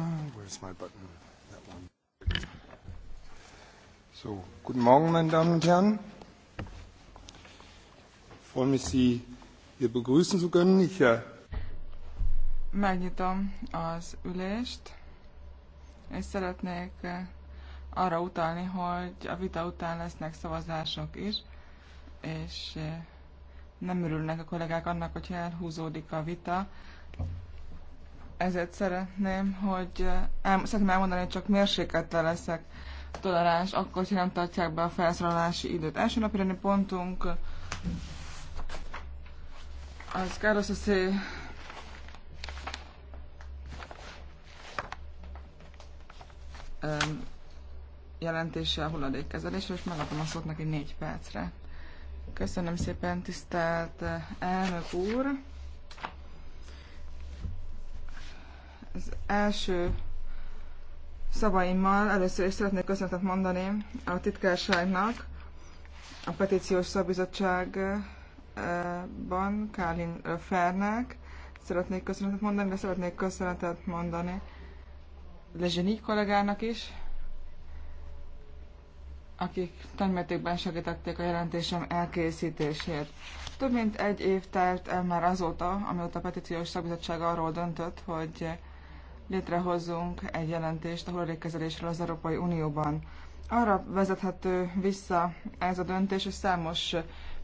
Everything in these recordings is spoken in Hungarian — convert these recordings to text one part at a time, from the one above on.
Ah, where's my button? That one. So, guten Morgen, meine Damen und Herren. Ich freue mich, Sie hier begrüßen zu können. Ich, uh... Megnyitom az ülést, és szeretnék arra utalni, hogy a vita után lesznek szavazások is, és nem örülnek a kollégák annak, hogyha elhúzódik a vita, ezért szeretném, hogy el, eh, szeretném elmondani, hogy csak mérsékletlen leszek toleráns, akkor, hogy nem tartják be a felszólalási időt. Első napi pontunk az káros szé jelentése a hulladékkezelésre, és megadom a szót neki négy percre. Köszönöm szépen, tisztelt eh, elnök úr! első szavaimmal először is szeretnék köszönetet mondani a titkárságnak, a petíciós szabizottságban Kálin Fernek. Szeretnék köszönetet mondani, de szeretnék köszönetet mondani Lezseni kollégának is, akik nagymértékben segítették a jelentésem elkészítését. Több mint egy év telt el már azóta, amióta a petíciós szabizottság arról döntött, hogy létrehozzunk egy jelentést a hulladékkezelésről az Európai Unióban. Arra vezethető vissza ez a döntés, hogy számos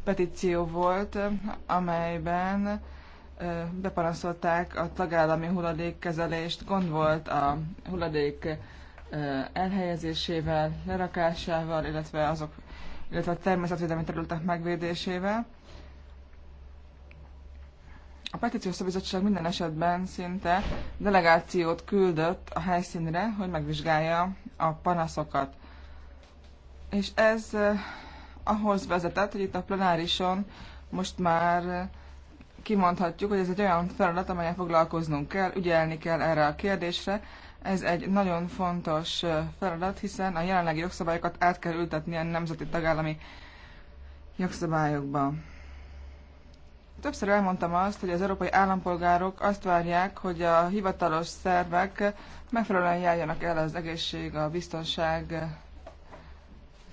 petíció volt, amelyben beparaszolták a tagállami hulladékkezelést. Gond volt a hulladék elhelyezésével, lerakásával, illetve azok, illetve a természetvédelmi területek megvédésével. A petíciós szabizottság minden esetben szinte delegációt küldött a helyszínre, hogy megvizsgálja a panaszokat. És ez eh, ahhoz vezetett, hogy itt a plenárison most már kimondhatjuk, hogy ez egy olyan feladat, amelyen foglalkoznunk kell, ügyelni kell erre a kérdésre. Ez egy nagyon fontos eh, feladat, hiszen a jelenlegi jogszabályokat át kell ültetni a nemzeti tagállami jogszabályokba. Többször elmondtam azt, hogy az európai állampolgárok azt várják, hogy a hivatalos szervek megfelelően járjanak el az egészség, a biztonság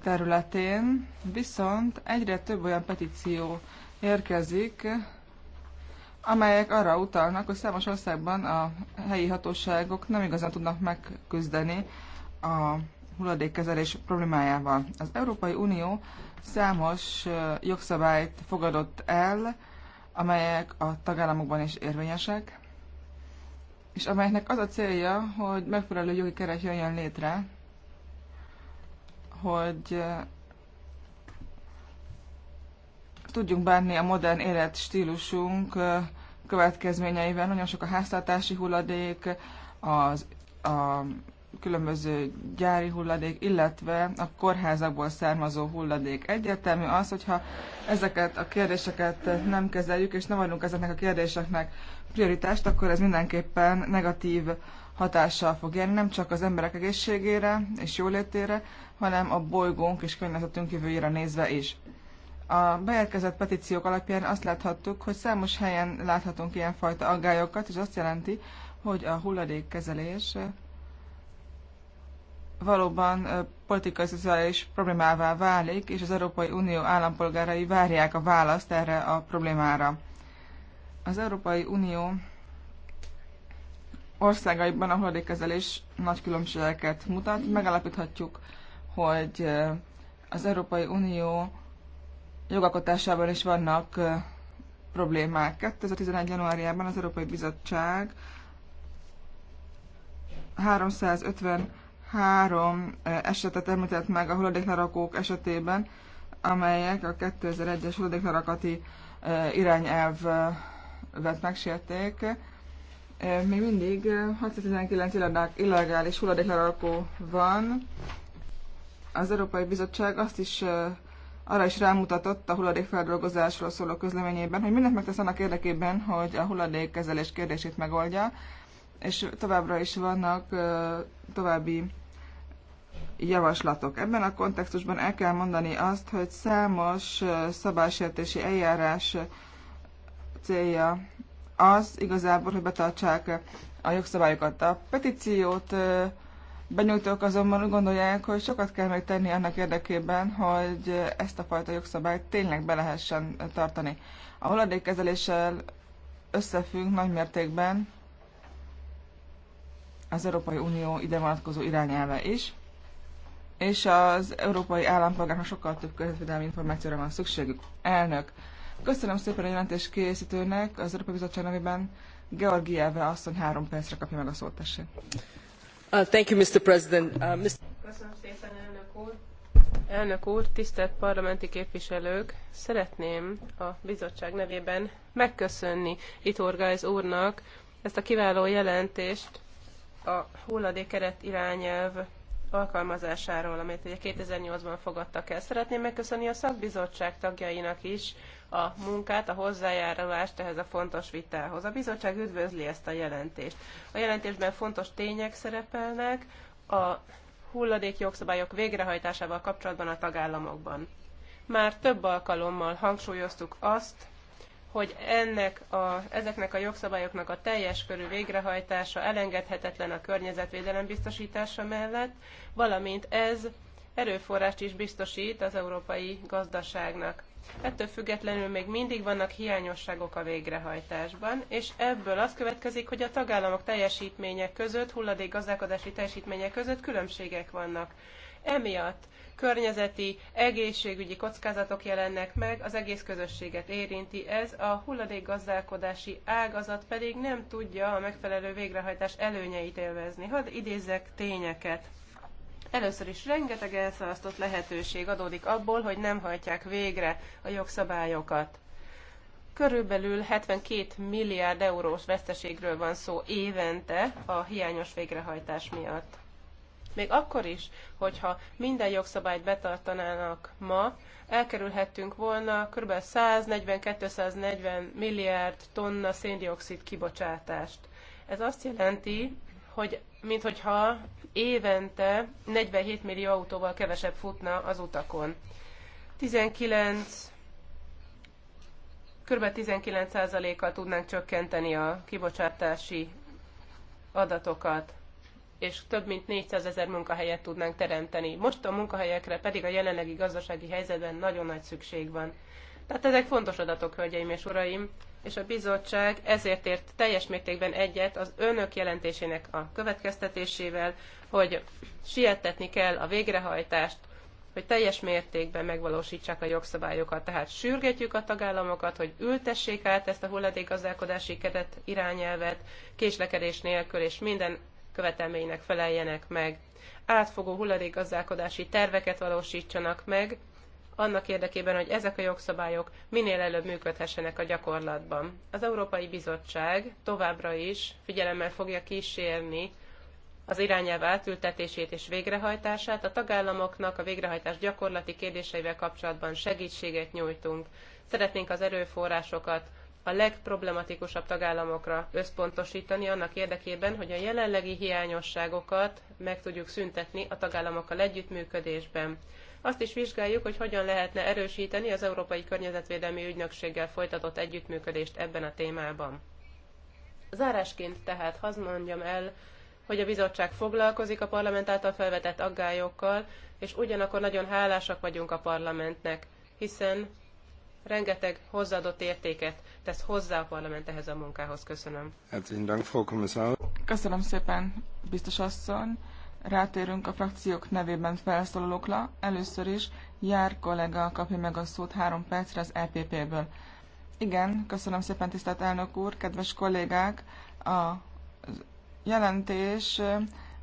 területén, viszont egyre több olyan petíció érkezik, amelyek arra utalnak, hogy számos országban a helyi hatóságok nem igazán tudnak megküzdeni a hulladékkezelés problémájával. Az Európai Unió számos jogszabályt fogadott el, amelyek a tagállamokban is érvényesek, és amelyeknek az a célja, hogy megfelelő jogi keret jöjjön létre, hogy eh, tudjunk bánni a modern életstílusunk eh, következményeivel. Nagyon sok a háztartási hulladék, az, a különböző gyári hulladék, illetve a kórházakból származó hulladék. Egyértelmű az, hogyha ezeket a kérdéseket nem kezeljük, és nem adunk ezeknek a kérdéseknek prioritást, akkor ez mindenképpen negatív hatással fog járni, nem csak az emberek egészségére és jólétére, hanem a bolygónk és környezetünk jövőjére nézve is. A beérkezett petíciók alapján azt láthattuk, hogy számos helyen láthatunk ilyenfajta aggályokat, és azt jelenti, hogy a hulladékkezelés valóban politikai szociális problémává válik, és az Európai Unió állampolgárai várják a választ erre a problémára. Az Európai Unió országaiban a hulladékkezelés nagy különbségeket mutat. Megállapíthatjuk, hogy az Európai Unió jogalkotásában is vannak problémák. 2011. januárjában az Európai Bizottság 350 három esetet említett meg a hulladéklerakók esetében, amelyek a 2001-es hulladéklerakati irányelvet megsérték. Még mindig 619 illegális hulladéklerakó van. Az Európai Bizottság azt is arra is rámutatott a hulladékfeldolgozásról szóló közleményében, hogy mindent megtesz annak érdekében, hogy a hulladékkezelés kérdését megoldja, és továbbra is vannak további javaslatok. Ebben a kontextusban el kell mondani azt, hogy számos szabálysértési eljárás célja az igazából, hogy betartsák a jogszabályokat. A petíciót benyújtók azonban úgy gondolják, hogy sokat kell még tenni annak érdekében, hogy ezt a fajta jogszabályt tényleg be lehessen tartani. A hulladékkezeléssel összefügg nagymértékben az Európai Unió ide vonatkozó irányelve is és az európai állampolgárnak sokkal több közvetvédelmi információra van szükségük. Elnök, köszönöm szépen a jelentés készítőnek, az Európai Bizottság nevében Georgieve asszony három percre kapja meg a szót, tessék. Uh, thank you, Mr. President. Uh, Mr. Köszönöm szépen, elnök úr. Elnök úr, tisztelt parlamenti képviselők! Szeretném a bizottság nevében megköszönni Itorgáz úrnak ezt a kiváló jelentést a hulladékeret irányelv alkalmazásáról, amit ugye 2008-ban fogadtak el. Szeretném megköszönni a szakbizottság tagjainak is a munkát, a hozzájárulást ehhez a fontos vitához. A bizottság üdvözli ezt a jelentést. A jelentésben fontos tények szerepelnek a hulladék jogszabályok végrehajtásával kapcsolatban a tagállamokban. Már több alkalommal hangsúlyoztuk azt, hogy ennek a, ezeknek a jogszabályoknak a teljes körű végrehajtása elengedhetetlen a környezetvédelem biztosítása mellett, valamint ez erőforrást is biztosít az európai gazdaságnak. Ettől függetlenül még mindig vannak hiányosságok a végrehajtásban, és ebből az következik, hogy a tagállamok teljesítmények között, hulladék gazdálkodási teljesítmények között különbségek vannak. Emiatt környezeti, egészségügyi kockázatok jelennek meg, az egész közösséget érinti ez, a hulladékgazdálkodási ágazat pedig nem tudja a megfelelő végrehajtás előnyeit élvezni. Hadd idézzek tényeket. Először is rengeteg elszalasztott lehetőség adódik abból, hogy nem hajtják végre a jogszabályokat. Körülbelül 72 milliárd eurós veszteségről van szó évente a hiányos végrehajtás miatt. Még akkor is, hogyha minden jogszabályt betartanának ma, elkerülhettünk volna kb. 140-240 milliárd tonna széndiokszid kibocsátást. Ez azt jelenti, hogy minthogyha évente 47 millió autóval kevesebb futna az utakon. 19 kb. 19%-kal tudnánk csökkenteni a kibocsátási adatokat és több mint 400 ezer munkahelyet tudnánk teremteni. Most a munkahelyekre pedig a jelenlegi gazdasági helyzetben nagyon nagy szükség van. Tehát ezek fontos adatok, hölgyeim és uraim, és a bizottság ezért ért teljes mértékben egyet az önök jelentésének a következtetésével, hogy sietetni kell a végrehajtást, hogy teljes mértékben megvalósítsák a jogszabályokat. Tehát sürgetjük a tagállamokat, hogy ültessék át ezt a hulladékgazdálkodási keret irányelvet késlekedés nélkül, és minden követelménynek feleljenek meg. Átfogó hulladékgazdálkodási terveket valósítsanak meg, annak érdekében, hogy ezek a jogszabályok minél előbb működhessenek a gyakorlatban. Az Európai Bizottság továbbra is figyelemmel fogja kísérni az irányelv átültetését és végrehajtását, a tagállamoknak a végrehajtás gyakorlati kérdéseivel kapcsolatban segítséget nyújtunk. Szeretnénk az erőforrásokat a legproblematikusabb tagállamokra összpontosítani annak érdekében, hogy a jelenlegi hiányosságokat meg tudjuk szüntetni a tagállamokkal együttműködésben. Azt is vizsgáljuk, hogy hogyan lehetne erősíteni az Európai Környezetvédelmi Ügynökséggel folytatott együttműködést ebben a témában. Zárásként tehát hazmondjam mondjam el, hogy a bizottság foglalkozik a parlament által felvetett aggályokkal, és ugyanakkor nagyon hálásak vagyunk a parlamentnek, hiszen rengeteg hozzáadott értéket tesz hozzá a parlament ehhez a munkához. Köszönöm. Köszönöm szépen, biztos asszony. Rátérünk a frakciók nevében felszólalókra. Először is Jár kollega kapja meg a szót három percre az EPP-ből. Igen, köszönöm szépen, tisztelt elnök úr, kedves kollégák! A jelentés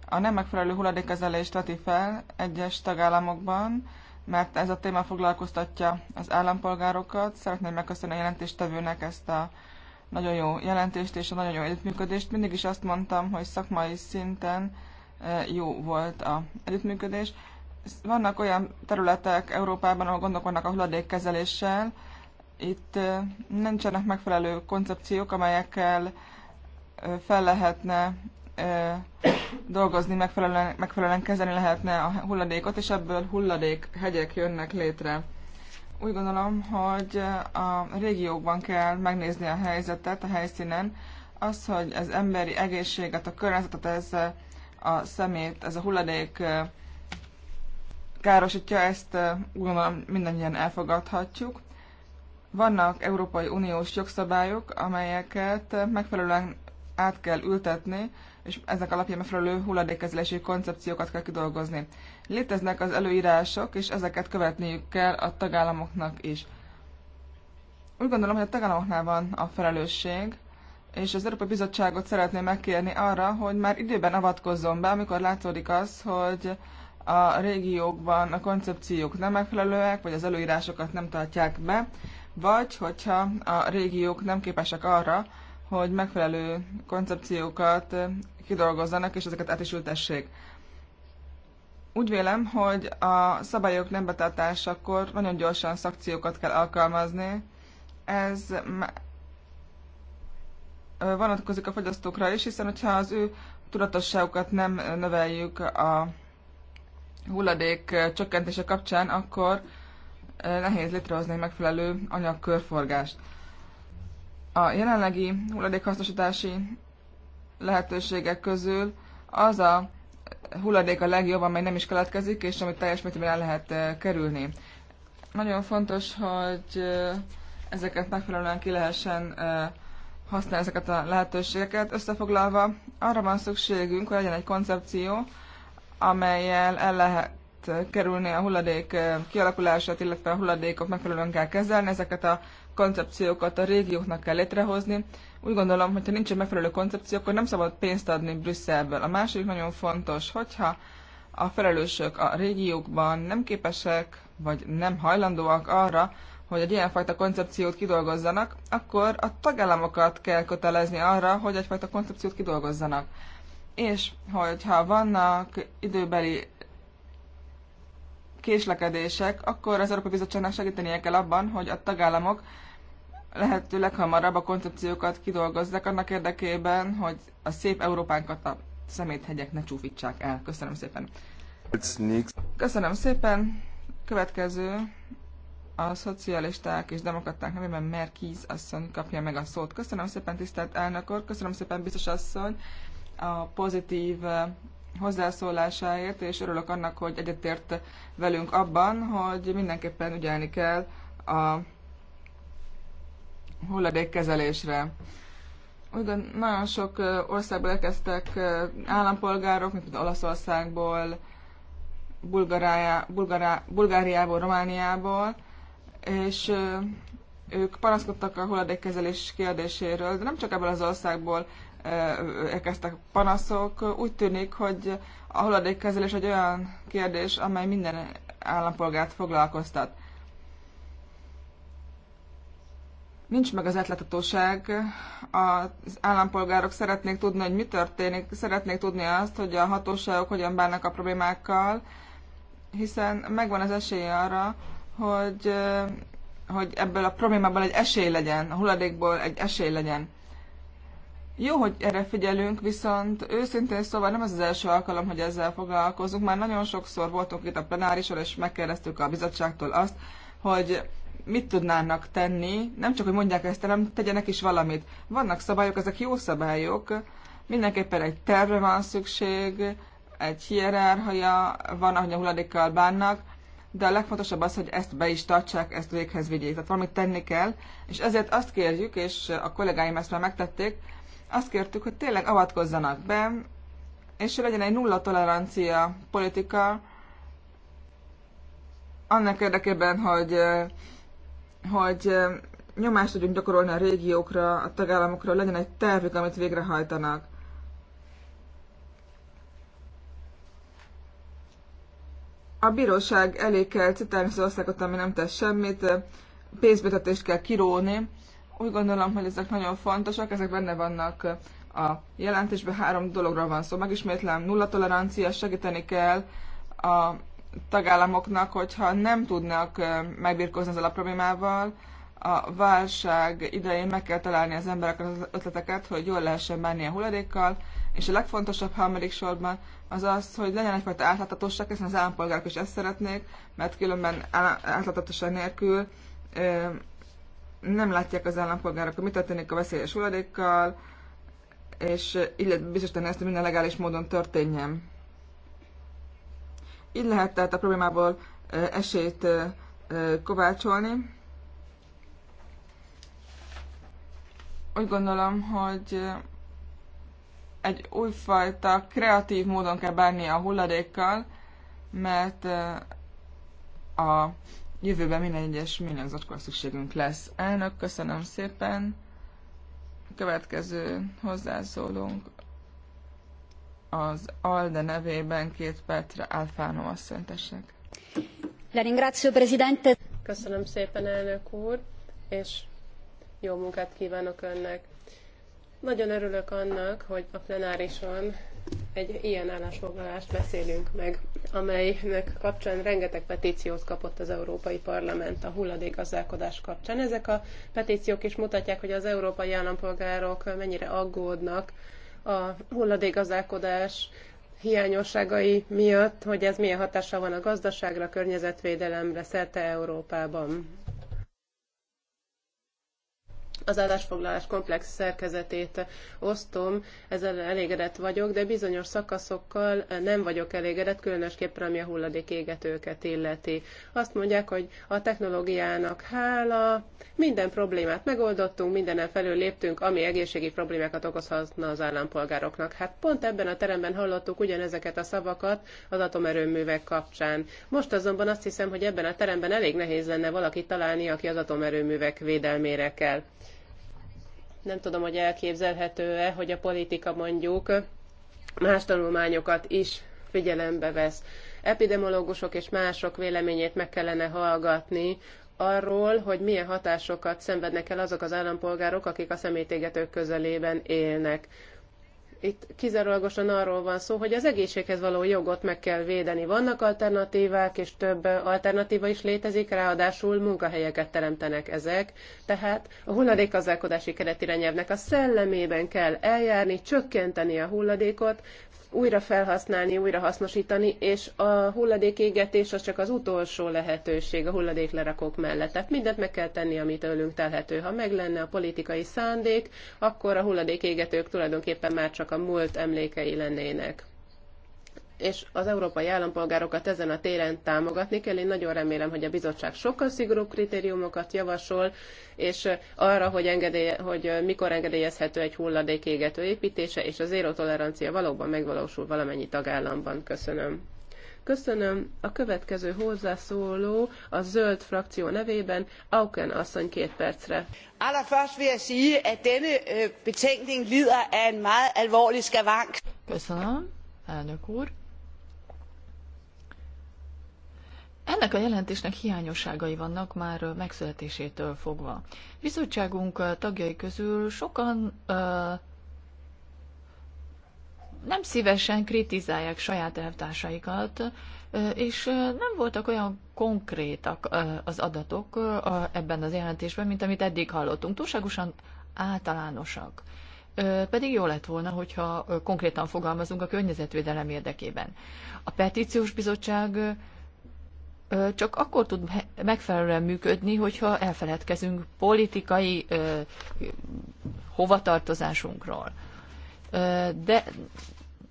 a nem megfelelő hulladékkezelést tati fel egyes tagállamokban, mert ez a téma foglalkoztatja az állampolgárokat. Szeretném megköszönni a jelentéstevőnek ezt a nagyon jó jelentést és a nagyon jó együttműködést. Mindig is azt mondtam, hogy szakmai szinten eh, jó volt a együttműködés. Vannak olyan területek Európában, ahol gondok vannak a hulladékkezeléssel. Itt eh, nincsenek megfelelő koncepciók, amelyekkel eh, fel lehetne dolgozni, megfelelően, megfelelően kezelni lehetne a hulladékot, és ebből hulladék hegyek jönnek létre. Úgy gondolom, hogy a régiókban kell megnézni a helyzetet a helyszínen, az, hogy az emberi egészséget, a környezetet, ez a szemét, ez a hulladék károsítja, ezt úgy gondolom mindannyian elfogadhatjuk. Vannak Európai Uniós jogszabályok, amelyeket megfelelően át kell ültetni, és ezek alapján megfelelő hulladékkezelési koncepciókat kell kidolgozni. Léteznek az előírások, és ezeket követniük kell a tagállamoknak is. Úgy gondolom, hogy a tagállamoknál van a felelősség, és az Európai Bizottságot szeretném megkérni arra, hogy már időben avatkozzon be, amikor látszódik az, hogy a régiókban a koncepciók nem megfelelőek, vagy az előírásokat nem tartják be, vagy hogyha a régiók nem képesek arra, hogy megfelelő koncepciókat kidolgozzanak, és ezeket át is ültessék. Úgy vélem, hogy a szabályok nem betartásakor nagyon gyorsan szakciókat kell alkalmazni. Ez vonatkozik a fogyasztókra is, hiszen hogyha az ő tudatosságukat nem növeljük a hulladék csökkentése kapcsán, akkor eh, nehéz létrehozni megfelelő anyagkörforgást. A jelenlegi hulladékhasznosítási lehetőségek közül az a hulladék a legjobb, amely nem is keletkezik, és amit teljes mértékben el lehet eh, kerülni. Nagyon fontos, hogy eh, ezeket megfelelően ki lehessen eh, használni ezeket a lehetőségeket. Összefoglalva, arra van szükségünk, hogy legyen egy koncepció, amelyel el lehet, kerülni a hulladék eh, kialakulását, illetve a hulladékok megfelelően kell kezelni, ezeket a koncepciókat a régióknak kell létrehozni. Úgy gondolom, hogyha nincs megfelelő koncepció, akkor nem szabad pénzt adni Brüsszelből. A másik nagyon fontos, hogyha a felelősök a régiókban nem képesek, vagy nem hajlandóak arra, hogy egy ilyenfajta koncepciót kidolgozzanak, akkor a tagállamokat kell kötelezni arra, hogy egyfajta koncepciót kidolgozzanak. És hogyha vannak időbeli késlekedések, akkor az Európai Bizottságnak segítenie kell abban, hogy a tagállamok lehetőleg hamarabb a koncepciókat kidolgozzák annak érdekében, hogy a szép Európánkat a szeméthegyek ne csúfítsák el. Köszönöm szépen. Köszönöm szépen. Következő a szocialisták és demokraták nevében Merkiz asszony kapja meg a szót. Köszönöm szépen, tisztelt elnök úr, köszönöm szépen, biztos asszony, a pozitív hozzászólásáért, és örülök annak, hogy egyetért velünk abban, hogy mindenképpen ügyelni kell a hulladékkezelésre. Ugye nagyon sok országból érkeztek állampolgárok, mint például Olaszországból, Bulgará, Bulgáriából, Romániából, és ők panaszkodtak a hulladékkezelés kérdéséről, de nem csak ebből az országból érkeztek panaszok. Úgy tűnik, hogy a hulladékkezelés egy olyan kérdés, amely minden állampolgárt foglalkoztat. Nincs meg az átláthatóság. Az állampolgárok szeretnék tudni, hogy mi történik, szeretnék tudni azt, hogy a hatóságok hogyan bánnak a problémákkal, hiszen megvan az esély arra, hogy, hogy ebből a problémából egy esély legyen, a hulladékból egy esély legyen. Jó, hogy erre figyelünk, viszont őszintén szóval nem ez az első alkalom, hogy ezzel foglalkozunk. Már nagyon sokszor voltunk itt a plenárison, és megkérdeztük a bizottságtól azt, hogy mit tudnának tenni, nem csak, hogy mondják ezt, hanem tegyenek is valamit. Vannak szabályok, ezek jó szabályok, mindenképpen egy terve van szükség, egy hierárhaja van, ahogy a hulladékkal bánnak, de a legfontosabb az, hogy ezt be is tartsák, ezt véghez vigyék. Tehát valamit tenni kell, és ezért azt kérjük, és a kollégáim ezt már megtették, azt kértük, hogy tényleg avatkozzanak be, és hogy legyen egy nulla tolerancia politika annak érdekében, hogy, hogy nyomást tudjunk gyakorolni a régiókra, a tagállamokra, legyen egy tervük, amit végrehajtanak. A bíróság elé kell citálni az országot, ami nem tesz semmit, pénzbüntetést kell kiróni, úgy gondolom, hogy ezek nagyon fontosak, ezek benne vannak a jelentésben. Három dologra van szó. Megismétlem, nulla tolerancia, segíteni kell a tagállamoknak, hogyha nem tudnak megbírkozni ezzel a problémával, a válság idején meg kell találni az emberek az ötleteket, hogy jól lehessen bánni a hulladékkal, és a legfontosabb harmadik sorban az az, hogy legyen egyfajta átláthatóság, hiszen az állampolgárok is ezt szeretnék, mert különben átláthatóság nélkül nem látják az állampolgárok, hogy mi történik a veszélyes hulladékkal, és így lehet biztosítani ezt, hogy minden legális módon történjen. Így lehet tehát a problémából esélyt kovácsolni. Úgy gondolom, hogy egy újfajta kreatív módon kell bánni a hulladékkal, mert a jövőben minden egyes minőzatkor szükségünk lesz. Elnök, köszönöm szépen. Következő hozzászólunk az ALDE nevében két Petra Alfánó asszony, Köszönöm szépen, elnök úr, és jó munkát kívánok önnek. Nagyon örülök annak, hogy a plenárison egy ilyen állásfoglalást beszélünk meg, amelynek kapcsán rengeteg petíciót kapott az Európai Parlament a hulladékgazdálkodás kapcsán. Ezek a petíciók is mutatják, hogy az európai állampolgárok mennyire aggódnak a hulladékgazdálkodás hiányosságai miatt, hogy ez milyen hatása van a gazdaságra, környezetvédelemre, szerte Európában az állásfoglalás komplex szerkezetét osztom, ezzel elégedett vagyok, de bizonyos szakaszokkal nem vagyok elégedett, különösképpen ami a hulladék égetőket illeti. Azt mondják, hogy a technológiának hála, minden problémát megoldottunk, mindenen felül léptünk, ami egészségi problémákat okozhatna az állampolgároknak. Hát pont ebben a teremben hallottuk ugyanezeket a szavakat az atomerőművek kapcsán. Most azonban azt hiszem, hogy ebben a teremben elég nehéz lenne valakit találni, aki az atomerőművek védelmére kell nem tudom, hogy elképzelhető-e, hogy a politika mondjuk más tanulmányokat is figyelembe vesz. Epidemiológusok és mások véleményét meg kellene hallgatni arról, hogy milyen hatásokat szenvednek el azok az állampolgárok, akik a szemétégetők közelében élnek itt kizárólagosan arról van szó, hogy az egészséghez való jogot meg kell védeni. Vannak alternatívák, és több alternatíva is létezik, ráadásul munkahelyeket teremtenek ezek. Tehát a hulladékazálkodási keretirányelvnek a szellemében kell eljárni, csökkenteni a hulladékot, újra felhasználni, újra hasznosítani, és a hulladékégetés az csak az utolsó lehetőség a hulladéklerakók mellett. Tehát mindent meg kell tenni, amit tőlünk telhető. Ha meg lenne a politikai szándék, akkor a hulladékégetők tulajdonképpen már csak a múlt emlékei lennének és az európai állampolgárokat ezen a téren támogatni kell. Én nagyon remélem, hogy a bizottság sokkal szigorúbb kritériumokat javasol, és arra, hogy, engedélye, hogy mikor engedélyezhető egy hulladék égető építése, és az zéró tolerancia valóban megvalósul valamennyi tagállamban. Köszönöm. Köszönöm. A következő hozzászóló a zöld frakció nevében Auken asszony két percre. Allerførst vil jeg sige, at denne øh, betænkning lider af en meget alvorlig skavank. Köszönöm, elnök úr. Ennek a jelentésnek hiányosságai vannak már megszületésétől fogva. Bizottságunk tagjai közül sokan nem szívesen kritizálják saját elvtársaikat, és nem voltak olyan konkrétak az adatok ebben az jelentésben, mint amit eddig hallottunk. Túlságosan általánosak. Pedig jó lett volna, hogyha konkrétan fogalmazunk a környezetvédelem érdekében. A petíciós bizottság csak akkor tud megfelelően működni, hogyha elfeledkezünk politikai hovatartozásunkról. De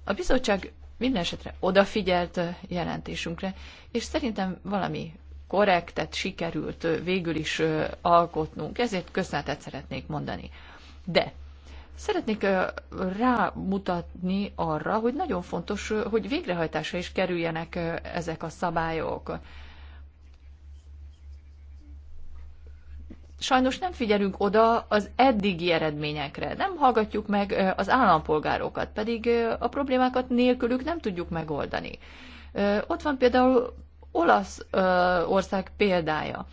a bizottság minden esetre odafigyelt jelentésünkre, és szerintem valami korrektet sikerült végül is alkotnunk, ezért köszönetet szeretnék mondani. De szeretnék rámutatni arra, hogy nagyon fontos, hogy végrehajtásra is kerüljenek ezek a szabályok. sajnos nem figyelünk oda az eddigi eredményekre, nem hallgatjuk meg az állampolgárokat, pedig a problémákat nélkülük nem tudjuk megoldani. Ott van például olasz ország példája.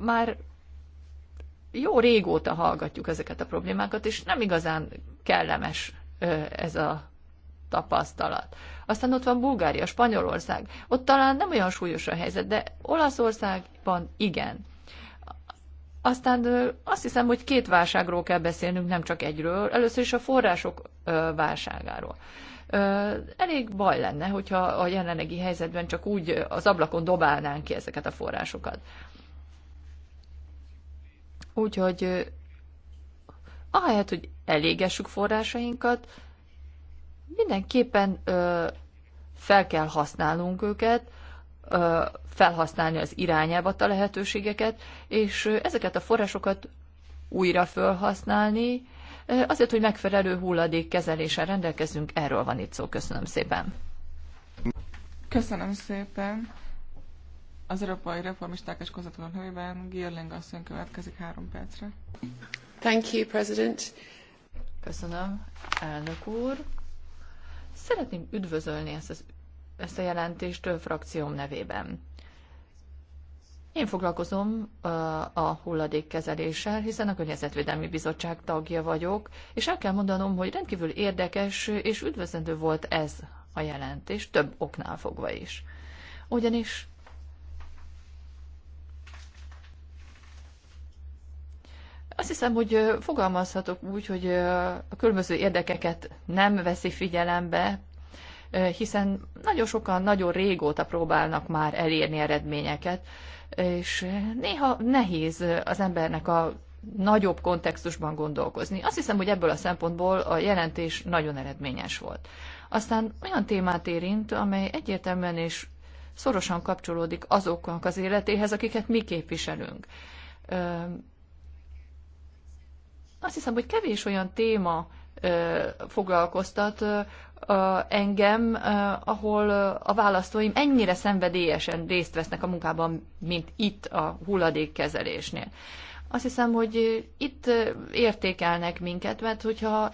Már jó régóta hallgatjuk ezeket a problémákat, és nem igazán kellemes ez a tapasztalat. Aztán ott van Bulgária, Spanyolország. Ott talán nem olyan súlyos a helyzet, de Olaszországban igen. Aztán azt hiszem, hogy két válságról kell beszélnünk, nem csak egyről. Először is a források válságáról. Elég baj lenne, hogyha a jelenlegi helyzetben csak úgy az ablakon dobálnánk ki ezeket a forrásokat. Úgyhogy ahelyett, hogy elégessük forrásainkat, mindenképpen fel kell használnunk őket, felhasználni az irányába a lehetőségeket, és ezeket a forrásokat újra felhasználni, azért, hogy megfelelő hulladék kezeléssel rendelkezünk, erről van itt szó. Köszönöm szépen. Köszönöm szépen. Az Európai Reformisták és Kozatlan Hőben Gierling asszony következik három percre. Thank you, President. Köszönöm, elnök úr. Szeretném üdvözölni ezt az ezt a jelentést frakcióm nevében. Én foglalkozom a hulladékkezeléssel, hiszen a Környezetvédelmi Bizottság tagja vagyok, és el kell mondanom, hogy rendkívül érdekes és üdvözlendő volt ez a jelentés, több oknál fogva is. Ugyanis azt hiszem, hogy fogalmazhatok úgy, hogy a különböző érdekeket nem veszi figyelembe, Eh, hiszen nagyon sokan nagyon régóta próbálnak már elérni eredményeket, és néha nehéz az embernek a nagyobb kontextusban gondolkozni. Azt hiszem, hogy ebből a szempontból a jelentés nagyon eredményes volt. Aztán olyan témát érint, amely egyértelműen és szorosan kapcsolódik azoknak az életéhez, akiket mi képviselünk. Eh, azt hiszem, hogy kevés olyan téma eh, foglalkoztat, engem, ahol a választóim ennyire szenvedélyesen részt vesznek a munkában, mint itt a hulladékkezelésnél. Azt hiszem, hogy itt értékelnek minket, mert hogyha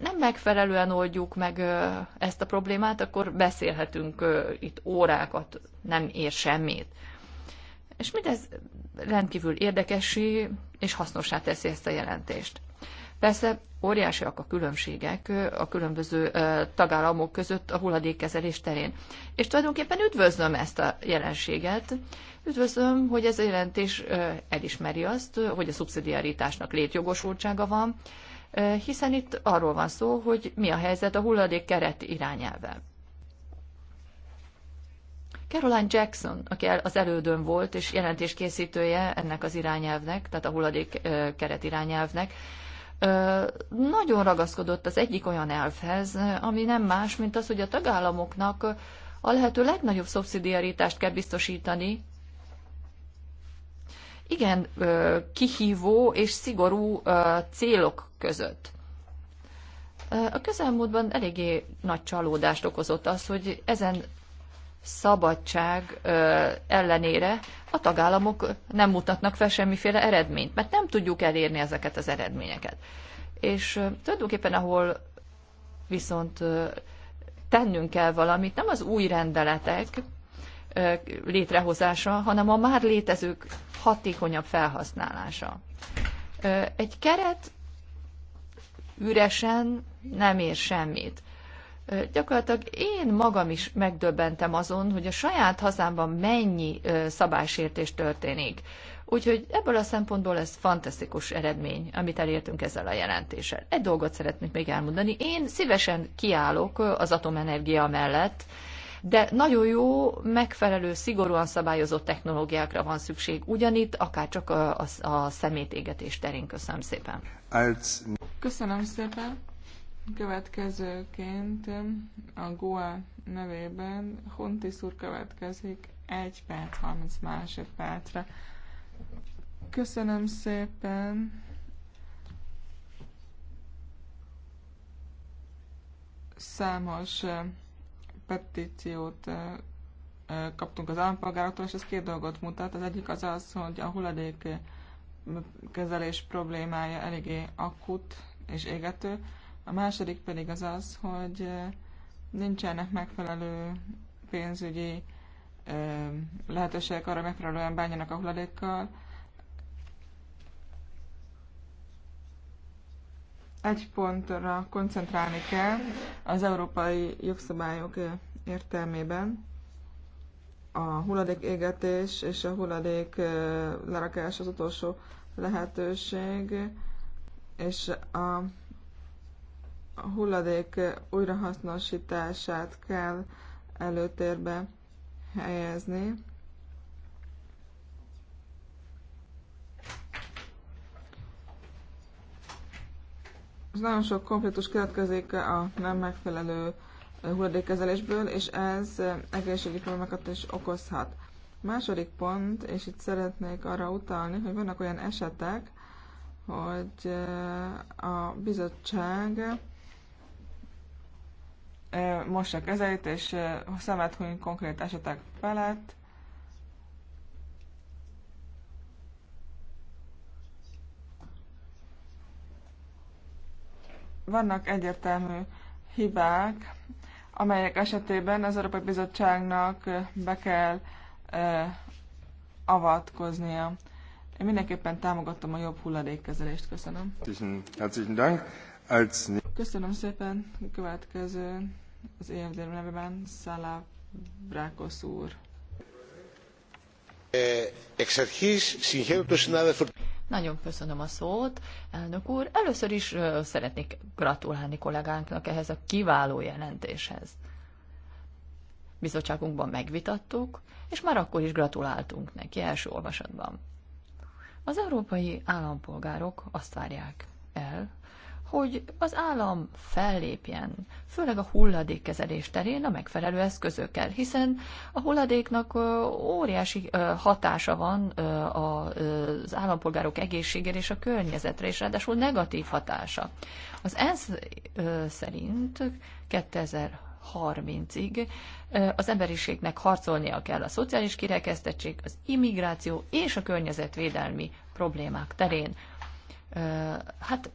nem megfelelően oldjuk meg ezt a problémát, akkor beszélhetünk itt órákat, nem ér semmit. És mindez rendkívül érdekesi és hasznosá teszi ezt a jelentést. Persze óriásiak a különbségek a különböző tagállamok között a hulladékkezelés terén. És tulajdonképpen üdvözlöm ezt a jelenséget. Üdvözlöm, hogy ez a jelentés elismeri azt, hogy a szubszidiaritásnak létjogosultsága van, hiszen itt arról van szó, hogy mi a helyzet a hulladék keret irányelve. Caroline Jackson, aki az elődön volt és jelentéskészítője ennek az irányelvnek, tehát a hulladék keret irányelvnek, nagyon ragaszkodott az egyik olyan elvhez, ami nem más, mint az, hogy a tagállamoknak a lehető legnagyobb szubszidiaritást kell biztosítani. Igen, kihívó és szigorú célok között. A közelmúltban eléggé nagy csalódást okozott az, hogy ezen szabadság ellenére a tagállamok nem mutatnak fel semmiféle eredményt, mert nem tudjuk elérni ezeket az eredményeket. És tulajdonképpen, ahol viszont tennünk kell valamit, nem az új rendeletek létrehozása, hanem a már létezők hatékonyabb felhasználása. Egy keret üresen nem ér semmit. Gyakorlatilag én magam is megdöbbentem azon, hogy a saját hazámban mennyi szabálysértés történik. Úgyhogy ebből a szempontból ez fantasztikus eredmény, amit elértünk ezzel a jelentéssel. Egy dolgot szeretnék még elmondani. Én szívesen kiállok az atomenergia mellett, de nagyon jó, megfelelő, szigorúan szabályozott technológiákra van szükség, ugyanitt akár csak a, a, a szemétégetés terén. Köszönöm szépen. Köszönöm szépen. Következőként um, a Goa nevében Hontis szur következik 1 perc 30 másodpercre. Köszönöm szépen! Számos uh, petíciót uh, uh, kaptunk az állampolgároktól, és ez két dolgot mutat. Az egyik az az, hogy a hulladék kezelés problémája eléggé akut és égető. A második pedig az az, hogy nincsenek megfelelő pénzügyi lehetőségek arra megfelelően bánjanak a hulladékkal. Egy pontra koncentrálni kell az európai jogszabályok értelmében. A hulladék égetés és a hulladék lerakás az utolsó lehetőség, és a hulladék újrahasznosítását kell előtérbe helyezni. És nagyon sok konfliktus keletkezik a nem megfelelő hulladékkezelésből, és ez egészségügyi problémákat is okozhat. Második pont, és itt szeretnék arra utalni, hogy vannak olyan esetek, hogy eh, a bizottság mossa kezeit, és szemet huny konkrét esetek felett. Vannak egyértelmű hibák, amelyek esetében az Európai Bizottságnak be kell avatkoznia. Én mindenképpen támogatom a jobb hulladékkezelést. Köszönöm. Herzlichen Dank. Als Köszönöm szépen. Következő az EFD nevében Szálá Brákos úr. Eh, Nagyon köszönöm a szót, elnök úr. Először is szeretnék gratulálni kollégánknak ehhez a kiváló jelentéshez. Bizottságunkban megvitattuk, és már akkor is gratuláltunk neki első olvasatban. Az európai állampolgárok azt várják el hogy az állam fellépjen, főleg a hulladékkezelés terén a megfelelő eszközökkel, hiszen a hulladéknak óriási hatása van az állampolgárok egészségére és a környezetre, és ráadásul negatív hatása. Az ENSZ szerint 2000 30-ig az emberiségnek harcolnia kell a szociális kirekesztettség, az immigráció és a környezetvédelmi problémák terén. Hát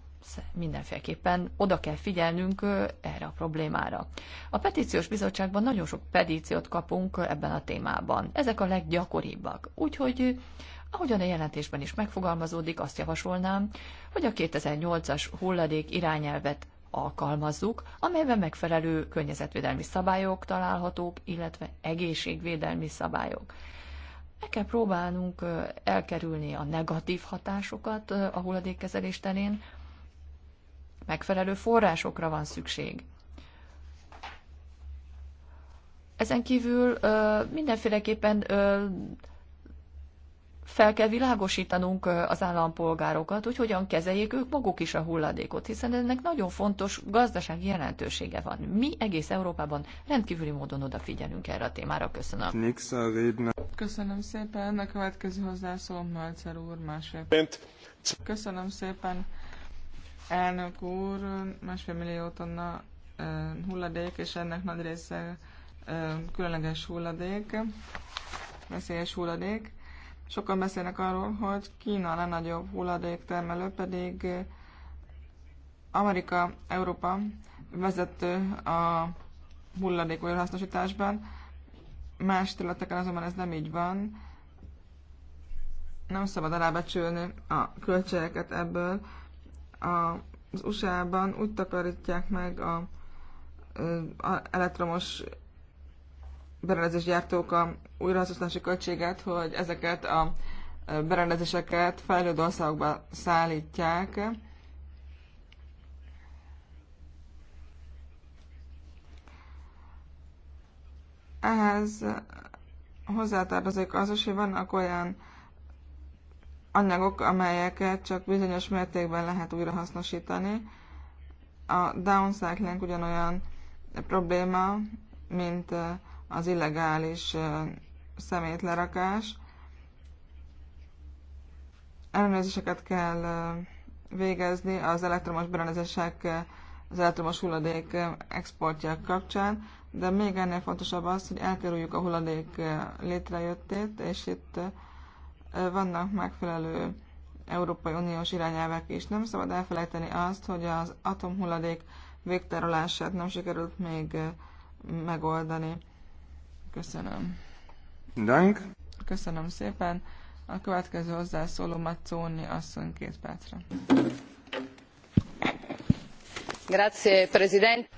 mindenféleképpen oda kell figyelnünk erre a problémára. A petíciós bizottságban nagyon sok petíciót kapunk ebben a témában. Ezek a leggyakoribbak. Úgyhogy ahogyan a jelentésben is megfogalmazódik, azt javasolnám, hogy a 2008-as hulladék irányelvet alkalmazzuk, amelyben megfelelő környezetvédelmi szabályok találhatók, illetve egészségvédelmi szabályok. Meg kell próbálnunk elkerülni a negatív hatásokat a hulladékkezelés terén, megfelelő forrásokra van szükség. Ezen kívül ö, mindenféleképpen ö, fel kell világosítanunk az állampolgárokat, hogy hogyan kezeljék ők maguk is a hulladékot, hiszen ennek nagyon fontos gazdasági jelentősége van. Mi egész Európában rendkívüli módon odafigyelünk erre a témára. Köszönöm. Köszönöm szépen. A következő hozzászólom Mölcer úr másért. Köszönöm szépen. Elnök úr, másfél millió tonna hulladék, és ennek nagy része különleges hulladék, veszélyes hulladék. Sokan beszélnek arról, hogy Kína a legnagyobb hulladéktermelő, pedig Amerika, Európa vezető a hulladék újrahasznosításban. Más területeken azonban ez nem így van. Nem szabad alábecsülni a költségeket ebből az USA-ban úgy takarítják meg a, a elektromos berendezésgyártók a újrahasznosítási költséget, hogy ezeket a berendezéseket fejlődő országokba szállítják. Ehhez hozzátartozik az is, hogy vannak olyan anyagok, amelyeket csak bizonyos mértékben lehet újrahasznosítani. A downcycling ugyanolyan probléma, mint az illegális szemétlerakás. Ellenőrzéseket kell végezni az elektromos berendezések, az elektromos hulladék exportja kapcsán, de még ennél fontosabb az, hogy elkerüljük a hulladék létrejöttét, és itt vannak megfelelő Európai Uniós irányelvek is. Nem szabad elfelejteni azt, hogy az atomhulladék végtárolását nem sikerült még megoldani. Köszönöm. Dank. Köszönöm szépen. A következő hozzászóló Mazzoni asszony két percre. Grazie, President.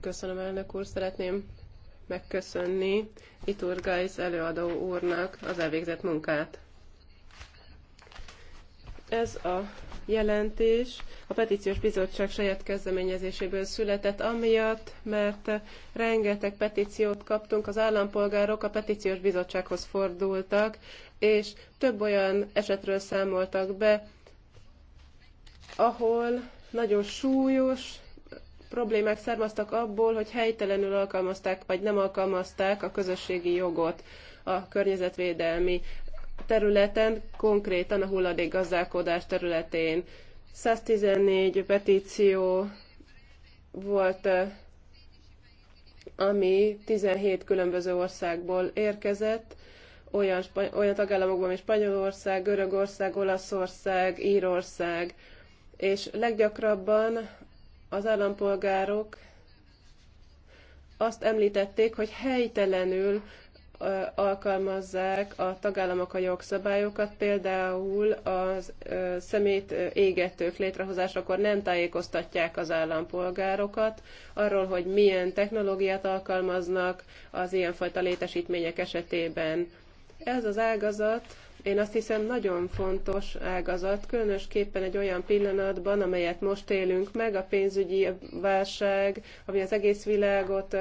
Köszönöm, elnök úr. Szeretném megköszönni Iturgais előadó úrnak az elvégzett munkát. Ez a jelentés a petíciós bizottság saját kezdeményezéséből született, amiatt, mert rengeteg petíciót kaptunk, az állampolgárok a petíciós bizottsághoz fordultak, és több olyan esetről számoltak be, ahol nagyon súlyos problémák származtak abból, hogy helytelenül alkalmazták, vagy nem alkalmazták a közösségi jogot a környezetvédelmi területen, konkrétan a hulladékgazdálkodás területén. 114 petíció volt, eh, ami 17 különböző országból érkezett, olyan, olyan tagállamokban, mint Spanyolország, Görögország, Olaszország, Írország, és leggyakrabban az állampolgárok azt említették, hogy helytelenül alkalmazzák a tagállamok a jogszabályokat, például a szemét égetők létrehozásakor nem tájékoztatják az állampolgárokat arról, hogy milyen technológiát alkalmaznak az ilyenfajta létesítmények esetében. Ez az ágazat én azt hiszem nagyon fontos ágazat, különösképpen egy olyan pillanatban, amelyet most élünk meg, a pénzügyi válság, ami az egész világot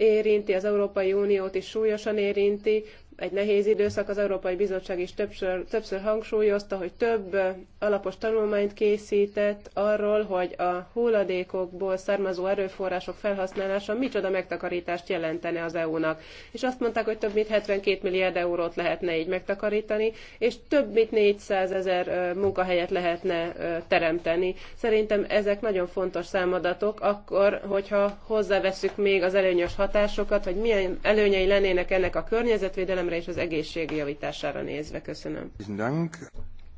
érinti, az Európai Uniót is súlyosan érinti, egy nehéz időszak, az Európai Bizottság is többször, többször hangsúlyozta, hogy több alapos tanulmányt készített arról, hogy a hulladékokból származó erőforrások felhasználása micsoda megtakarítást jelentene az EU-nak. És azt mondták, hogy több mint 72 milliárd eurót lehetne így megtakarítani, és több mint 400 ezer munkahelyet lehetne teremteni. Szerintem ezek nagyon fontos számadatok, akkor, hogyha hozzáveszünk még az előnyös hatásokat, hogy milyen előnyei lennének ennek a környezetvédelemre, védelemre és az egészség javítására nézve. Köszönöm.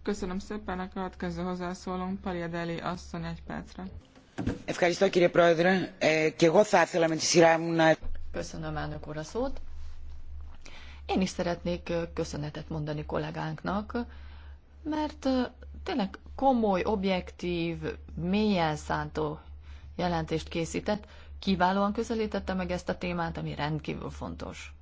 Köszönöm szépen a következő hozzászólónk, Paliadeli asszony egy percre. E, Köszönöm elnök úr a szót. Én is szeretnék köszönetet mondani kollégánknak, mert tényleg komoly, objektív, mélyen szántó jelentést készített, kiválóan közelítette meg ezt a témát, ami rendkívül fontos.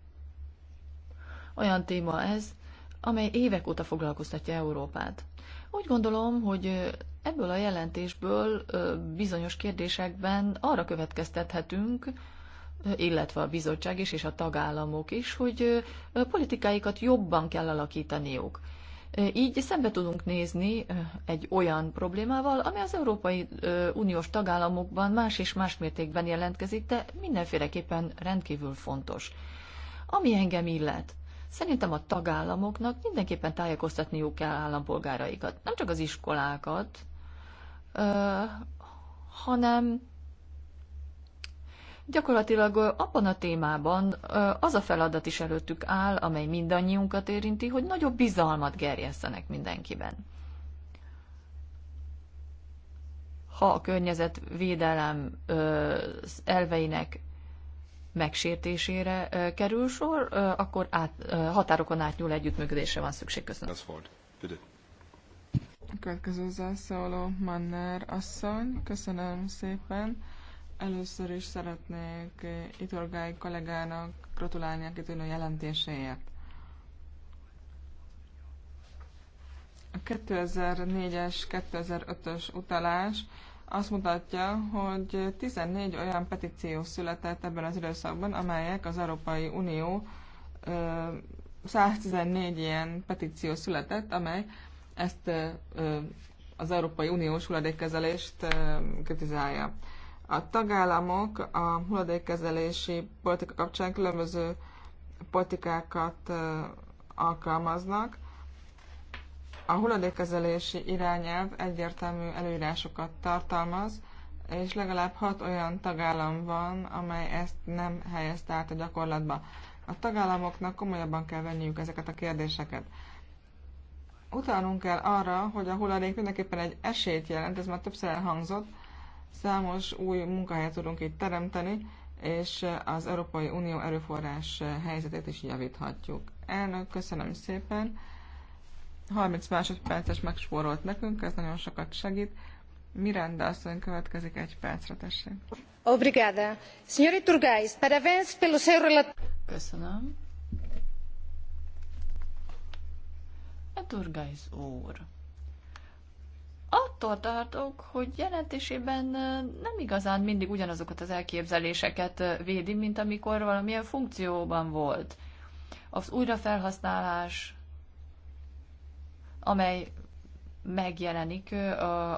Olyan téma ez, amely évek óta foglalkoztatja Európát. Úgy gondolom, hogy ebből a jelentésből bizonyos kérdésekben arra következtethetünk, illetve a bizottság is, és a tagállamok is, hogy politikáikat jobban kell alakítaniuk. Így szembe tudunk nézni egy olyan problémával, ami az Európai Uniós tagállamokban más és más mértékben jelentkezik, de mindenféleképpen rendkívül fontos. Ami engem illet, Szerintem a tagállamoknak mindenképpen tájékoztatniuk kell állampolgáraikat, nem csak az iskolákat, hanem gyakorlatilag abban a témában az a feladat is előttük áll, amely mindannyiunkat érinti, hogy nagyobb bizalmat gerjesztenek mindenkiben. Ha a környezetvédelem elveinek megsértésére kerül sor, akkor át, határokon átnyúl együttműködésre van szükség. Köszönöm. A következő zászóló Manner asszony. Köszönöm szépen. Először is szeretnék Itorgály kollégának gratulálni a kitűnő jelentéséért. A 2004-es, 2005-ös utalás azt mutatja, hogy 14 olyan petíció született ebben az időszakban, amelyek az Európai Unió 114 ilyen petíció született, amely ezt az Európai Uniós hulladékkezelést kritizálja. A tagállamok a hulladékkezelési politika kapcsán különböző politikákat alkalmaznak, a hulladékkezelési irányelv egyértelmű előírásokat tartalmaz, és legalább hat olyan tagállam van, amely ezt nem helyezte át a gyakorlatba. A tagállamoknak komolyabban kell venniük ezeket a kérdéseket. Utalnunk kell arra, hogy a hulladék mindenképpen egy esélyt jelent, ez már többször elhangzott, számos új munkahelyet tudunk itt teremteni, és az Európai Unió erőforrás helyzetét is javíthatjuk. Elnök, köszönöm szépen! 30 másodperces megspórolt nekünk, ez nagyon sokat segít. Miranda asszony következik egy percre, tessék. Obrigada. Signori Turgais, parabéns pelo seu relato. Köszönöm. A Turgais úr. Attól tartok, hogy jelentésében nem igazán mindig ugyanazokat az elképzeléseket védi, mint amikor valamilyen funkcióban volt. Az újrafelhasználás, amely megjelenik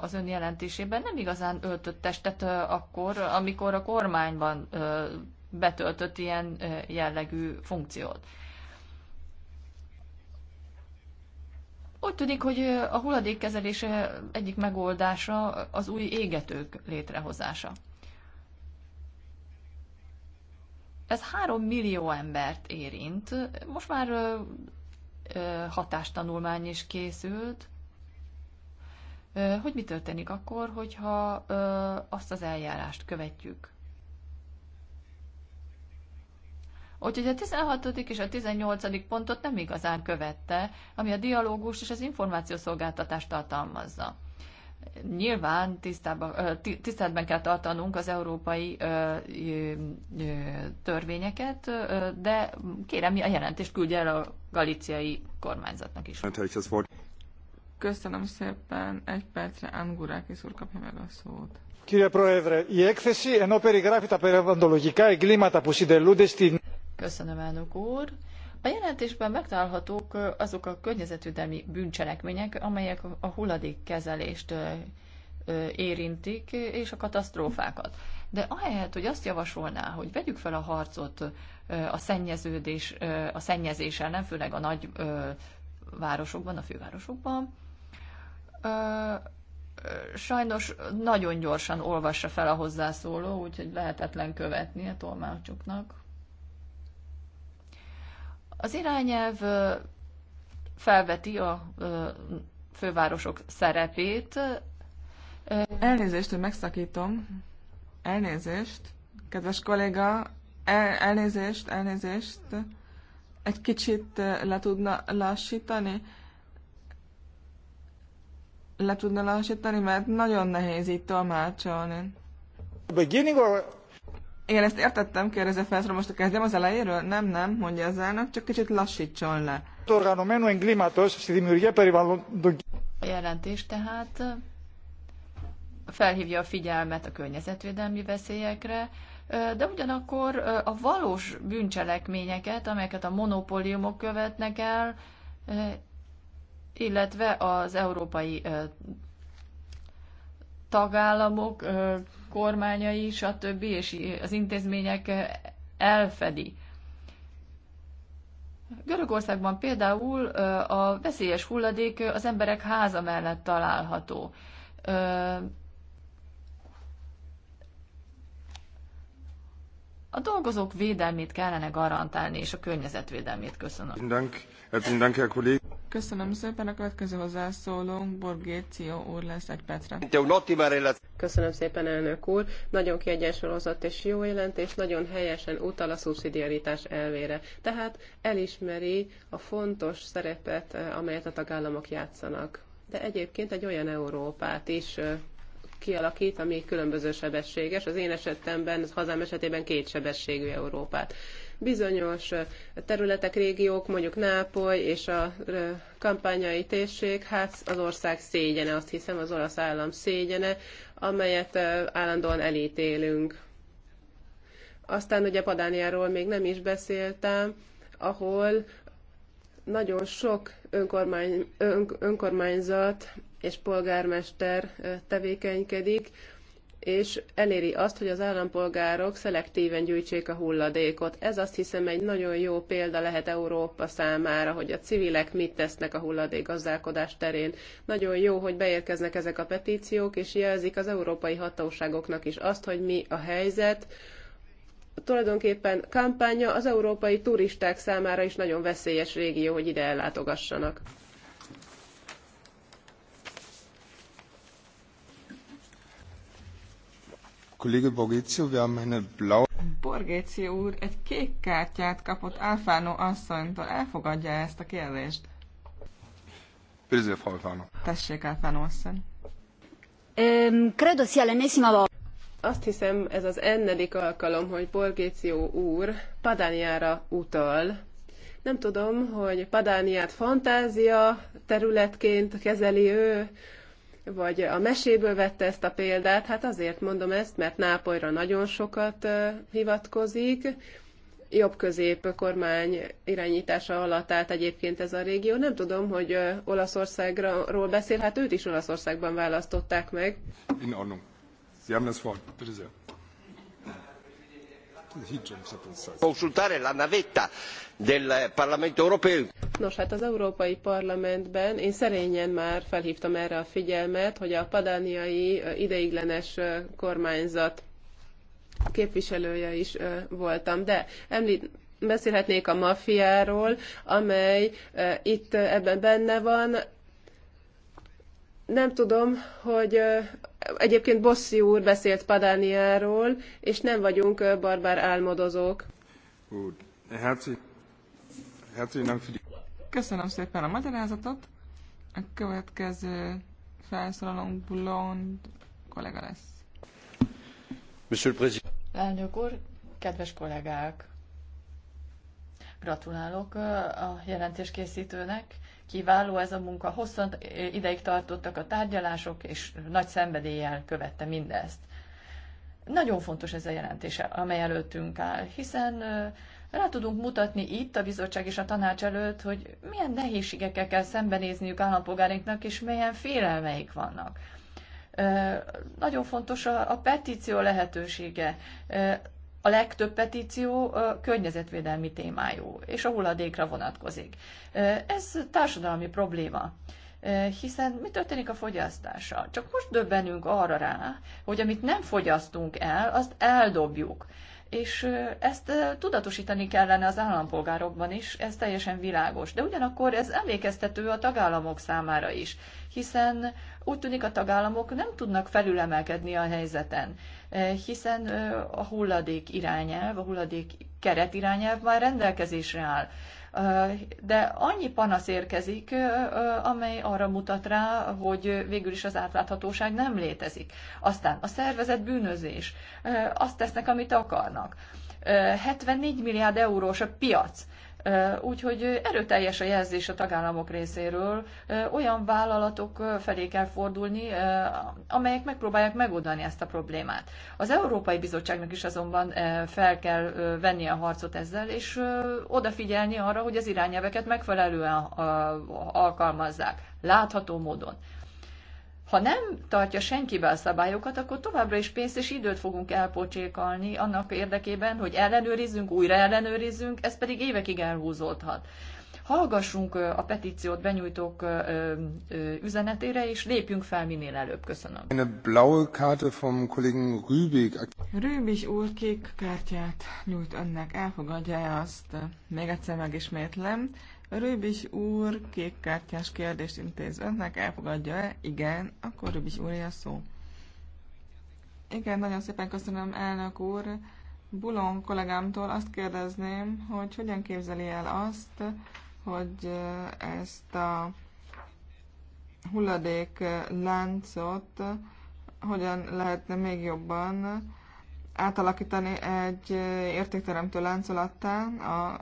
az ön jelentésében, nem igazán öltött testet akkor, amikor a kormányban betöltött ilyen jellegű funkciót. Úgy tűnik, hogy a hulladékkezelése egyik megoldása az új égetők létrehozása. Ez három millió embert érint. Most már hatástanulmány is készült, hogy mi történik akkor, hogyha azt az eljárást követjük. Úgyhogy a 16. és a 18. pontot nem igazán követte, ami a dialógus és az információszolgáltatást tartalmazza. Nyilván tisztában kell tartanunk az európai törvényeket, de kérem, a jelentést küldje el a galiciai kormányzatnak is. Hát, Köszönöm szépen. Egy percre Angurákis úr kapja meg a szót. E Köszönöm, elnök úr. A jelentésben megtalálhatók azok a környezetüdemi bűncselekmények, amelyek a hulladékkezelést érintik, és a katasztrófákat de ahelyett, hogy azt javasolná, hogy vegyük fel a harcot a szennyeződés, a szennyezés ellen, főleg a nagy városokban, a fővárosokban, sajnos nagyon gyorsan olvassa fel a hozzászóló, úgyhogy lehetetlen követni a tolmácsoknak. Az irányelv felveti a fővárosok szerepét. Elnézést, hogy megszakítom. Elnézést, kedves kolléga, el, elnézést, elnézést. Egy kicsit eh, le tudna lassítani? Le tudna lassítani, mert nagyon nehéz itt tolmácsolni. Beginning or... Én ezt értettem, kérdezze fel, szóval most a kezdem az elejéről? Nem, nem, mondja az elnök, csak kicsit lassítson le. A jelentés tehát felhívja a figyelmet a környezetvédelmi veszélyekre, de ugyanakkor a valós bűncselekményeket, amelyeket a monopóliumok követnek el, illetve az európai tagállamok kormányai, stb. és az intézmények elfedi. Görögországban például a veszélyes hulladék az emberek háza mellett található A dolgozók védelmét kellene garantálni, és a környezetvédelmét köszönöm. Köszönöm szépen a következő hozzászólónk, Borgéció úr lesz egy percre. Köszönöm szépen, elnök úr. Nagyon kiegyensúlyozott és jó jelentés, nagyon helyesen utal a szubszidiaritás elvére. Tehát elismeri a fontos szerepet, eh, amelyet a tagállamok játszanak. De egyébként egy olyan Európát is eh, kialakít, ami különböző sebességes. Az én esetemben, az hazám esetében két sebességű Európát. Bizonyos területek, régiók, mondjuk Nápoly és a kampányai térség, hát az ország szégyene, azt hiszem az olasz állam szégyene, amelyet állandóan elítélünk. Aztán ugye Padániáról még nem is beszéltem, ahol nagyon sok önkormány, ön, önkormányzat és polgármester tevékenykedik, és eléri azt, hogy az állampolgárok szelektíven gyűjtsék a hulladékot. Ez azt hiszem egy nagyon jó példa lehet Európa számára, hogy a civilek mit tesznek a hulladék gazdálkodás terén. Nagyon jó, hogy beérkeznek ezek a petíciók, és jelzik az európai hatóságoknak is azt, hogy mi a helyzet, tulajdonképpen kampánya az európai turisták számára is nagyon veszélyes régió, hogy ide ellátogassanak. Kollege Borgéció, úr egy kék kártyát kapott Alfano asszonytól. Elfogadja ezt a kérdést? Bitte, Frau Alfano. Tessék, Alfano asszony. Um, credo sia l'ennesima volta azt hiszem ez az ennedik alkalom, hogy Borgéció úr Padániára utal. Nem tudom, hogy Padániát fantázia területként kezeli ő, vagy a meséből vette ezt a példát, hát azért mondom ezt, mert Nápolyra nagyon sokat hivatkozik, jobb-közép kormány irányítása alatt állt egyébként ez a régió. Nem tudom, hogy Olaszországról beszél, hát őt is Olaszországban választották meg. In Ordnung. Sie haben das Wort. Bitte sehr consultare la navetta del Parlamento europeo. Nos, hát az Európai Parlamentben én szerényen már felhívtam erre a figyelmet, hogy a padániai ideiglenes kormányzat képviselője is voltam, de említ, beszélhetnék a maffiáról, amely itt ebben benne van, nem tudom, hogy egyébként Bosszi úr beszélt Padániáról, és nem vagyunk barbár álmodozók. Köszönöm szépen a magyarázatot. A következő felszólalónk Blond kollega lesz. Monsieur le Président. Elnök úr, kedves kollégák! Gratulálok a jelentéskészítőnek kiváló ez a munka, hosszan eh, ideig tartottak a tárgyalások, és nagy szenvedéllyel követte mindezt. Nagyon fontos ez a jelentés, amely előttünk áll, hiszen eh, rá tudunk mutatni itt a bizottság és a tanács előtt, hogy milyen nehézségekkel kell szembenézniük állampolgárinknak, és milyen félelmeik vannak. Eh, nagyon fontos a, petíció lehetősége a legtöbb petíció környezetvédelmi témájú, és a hulladékra vonatkozik. Ez társadalmi probléma hiszen mi történik a fogyasztással? Csak most döbbenünk arra rá, hogy amit nem fogyasztunk el, azt eldobjuk és ezt tudatosítani kellene az állampolgárokban is, ez teljesen világos. De ugyanakkor ez emlékeztető a tagállamok számára is, hiszen úgy tűnik a tagállamok nem tudnak felülemelkedni a helyzeten, hiszen a hulladék irányelv, a hulladék keret irányelv már rendelkezésre áll de annyi panasz érkezik, amely arra mutat rá, hogy végül is az átláthatóság nem létezik. Aztán a szervezet bűnözés, azt tesznek, amit akarnak. 74 milliárd eurós a piac Úgyhogy erőteljes a jelzés a tagállamok részéről. Olyan vállalatok felé kell fordulni, amelyek megpróbálják megoldani ezt a problémát. Az Európai Bizottságnak is azonban fel kell venni a harcot ezzel, és odafigyelni arra, hogy az irányelveket megfelelően alkalmazzák, látható módon. Ha nem tartja senki be a szabályokat, akkor továbbra is pénzt és időt fogunk elpocsékolni annak érdekében, hogy ellenőrizzünk, újra ellenőrizzünk, ez pedig évekig elhúzódhat. Hallgassunk a petíciót benyújtók üzenetére, és lépjünk fel minél előbb. Köszönöm. Eine blaue Karte vom Kollegen Rübig. Rübig úr kék kártyát nyújt önnek. Elfogadja azt? Még egyszer megismétlem. Röbis úr kékkártyás kérdést intéz önnek, elfogadja-e? Igen, akkor Röbis úr a szó. Igen, nagyon szépen köszönöm, elnök úr. Bulon kollégámtól azt kérdezném, hogy hogyan képzeli el azt, hogy ezt a hulladék láncot hogyan lehetne még jobban átalakítani egy értékteremtő láncolattá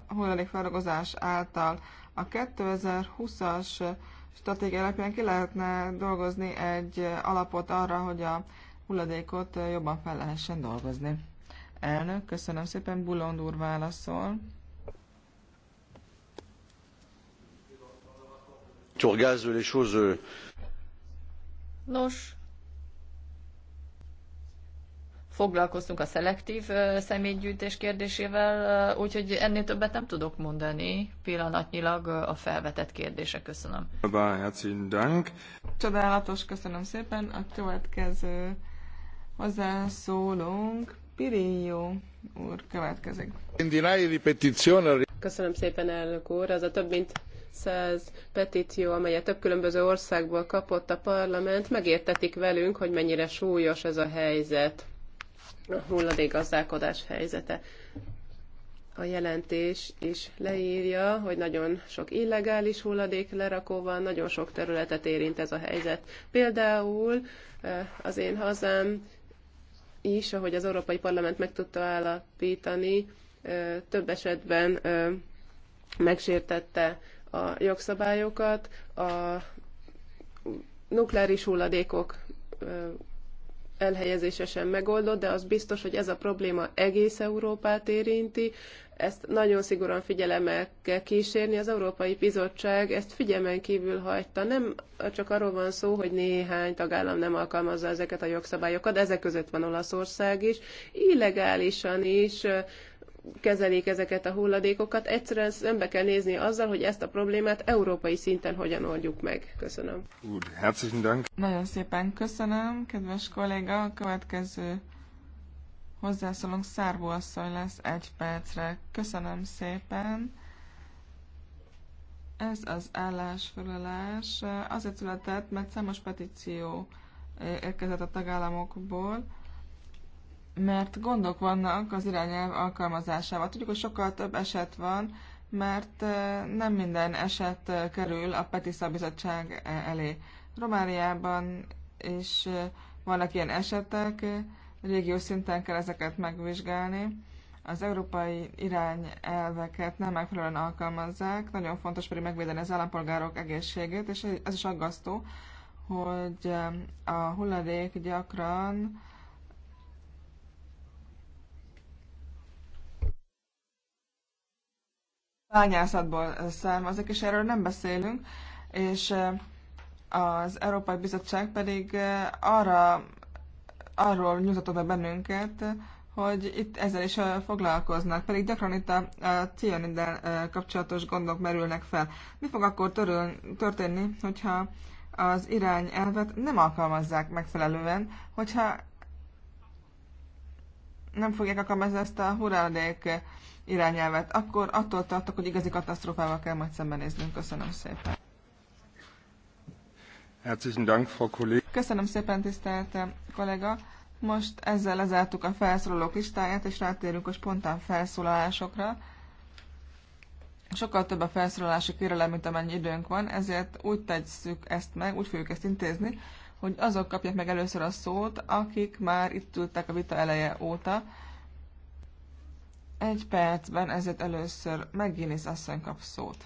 a feldolgozás által a 2020-as stratégia alapján ki lehetne dolgozni egy alapot arra, hogy a hulladékot jobban fel lehessen dolgozni. Elnök, köszönöm szépen, Bulond úr válaszol. Euh, Nos, foglalkoztunk a szelektív személygyűjtés kérdésével, úgyhogy ennél többet nem tudok mondani pillanatnyilag a felvetett kérdése. Köszönöm. Herzlichen Dank. Csodálatos, köszönöm szépen. A következő hozzászólónk Pirillo úr következik. Köszönöm szépen, elnök úr. Az a több mint száz petíció, amelyet több különböző országból kapott a parlament, megértetik velünk, hogy mennyire súlyos ez a helyzet a hulladékgazdálkodás helyzete. A jelentés is leírja, hogy nagyon sok illegális hulladék lerakó van, nagyon sok területet érint ez a helyzet. Például eh, az én hazám is, ahogy az Európai Parlament meg tudta állapítani, eh, több esetben eh, megsértette a jogszabályokat, a nukleáris hulladékok elhelyezése sem megoldott, de az biztos, hogy ez a probléma egész Európát érinti, ezt nagyon szigorúan figyelemmel kell kísérni. Az Európai Bizottság ezt figyelmen kívül hagyta. Nem csak arról van szó, hogy néhány tagállam nem alkalmazza ezeket a jogszabályokat, de ezek között van Olaszország is. Illegálisan is kezelik ezeket a hulladékokat. Egyszerűen szembe kell nézni azzal, hogy ezt a problémát európai szinten hogyan oldjuk meg. Köszönöm. Úgy, herzlichen Dank. Nagyon szépen köszönöm, kedves kolléga. A következő hozzászólunk Szárvó asszony lesz egy percre. Köszönöm szépen. Ez az állásfoglalás azért született, mert számos petíció érkezett a tagállamokból, mert gondok vannak az irányelv alkalmazásával. Tudjuk, hogy sokkal több eset van, mert nem minden eset kerül a Peti Szabizottság elé. Romániában is vannak ilyen esetek, régió szinten kell ezeket megvizsgálni. Az európai irányelveket nem megfelelően alkalmazzák, nagyon fontos pedig megvédeni az állampolgárok egészségét, és ez is aggasztó, hogy a hulladék gyakran bányászatból származik, és erről nem beszélünk, és az Európai Bizottság pedig arra, arról nyújtotta be bennünket, hogy itt ezzel is foglalkoznak, pedig gyakran itt a, a cianiddel kapcsolatos gondok merülnek fel. Mi fog akkor törül, történni, hogyha az irányelvet nem alkalmazzák megfelelően, hogyha nem fogják alkalmazni ezt a huradék irányelvet, akkor attól tartok, hogy igazi katasztrófával kell majd szembenéznünk. Köszönöm szépen. Herzlichen Dank, Frau Kollég. Köszönöm szépen, tisztelt kollega. Most ezzel lezártuk a felszólalók listáját, és rátérünk a spontán felszólalásokra. Sokkal több a felszólalási kérelem, mint amennyi időnk van, ezért úgy tesszük ezt meg, úgy fogjuk ezt intézni, hogy azok kapják meg először a szót, akik már itt ültek a vita eleje óta, egy percben ezért először McGuinness asszony kap szót.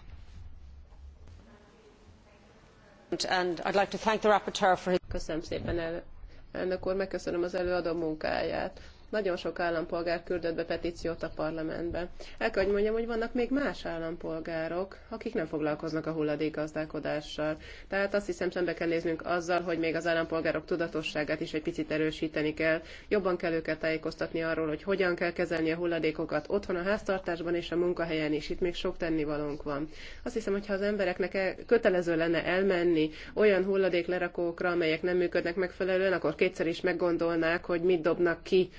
Köszönöm szépen, el, elnök úr, megköszönöm az előadó munkáját. Nagyon sok állampolgár küldött be petíciót a parlamentbe. El kell, hogy mondjam, hogy vannak még más állampolgárok, akik nem foglalkoznak a hulladékgazdálkodással. Tehát azt hiszem, szembe kell néznünk azzal, hogy még az állampolgárok tudatosságát is egy picit erősíteni kell. Jobban kell őket tájékoztatni arról, hogy hogyan kell kezelni a hulladékokat otthon, a háztartásban és a munkahelyen is. Itt még sok tennivalónk van. Azt hiszem, hogy ha az embereknek kötelező lenne elmenni olyan hulladéklerakókra, amelyek nem működnek megfelelően, akkor kétszer is meggondolnák, hogy mit dobnak ki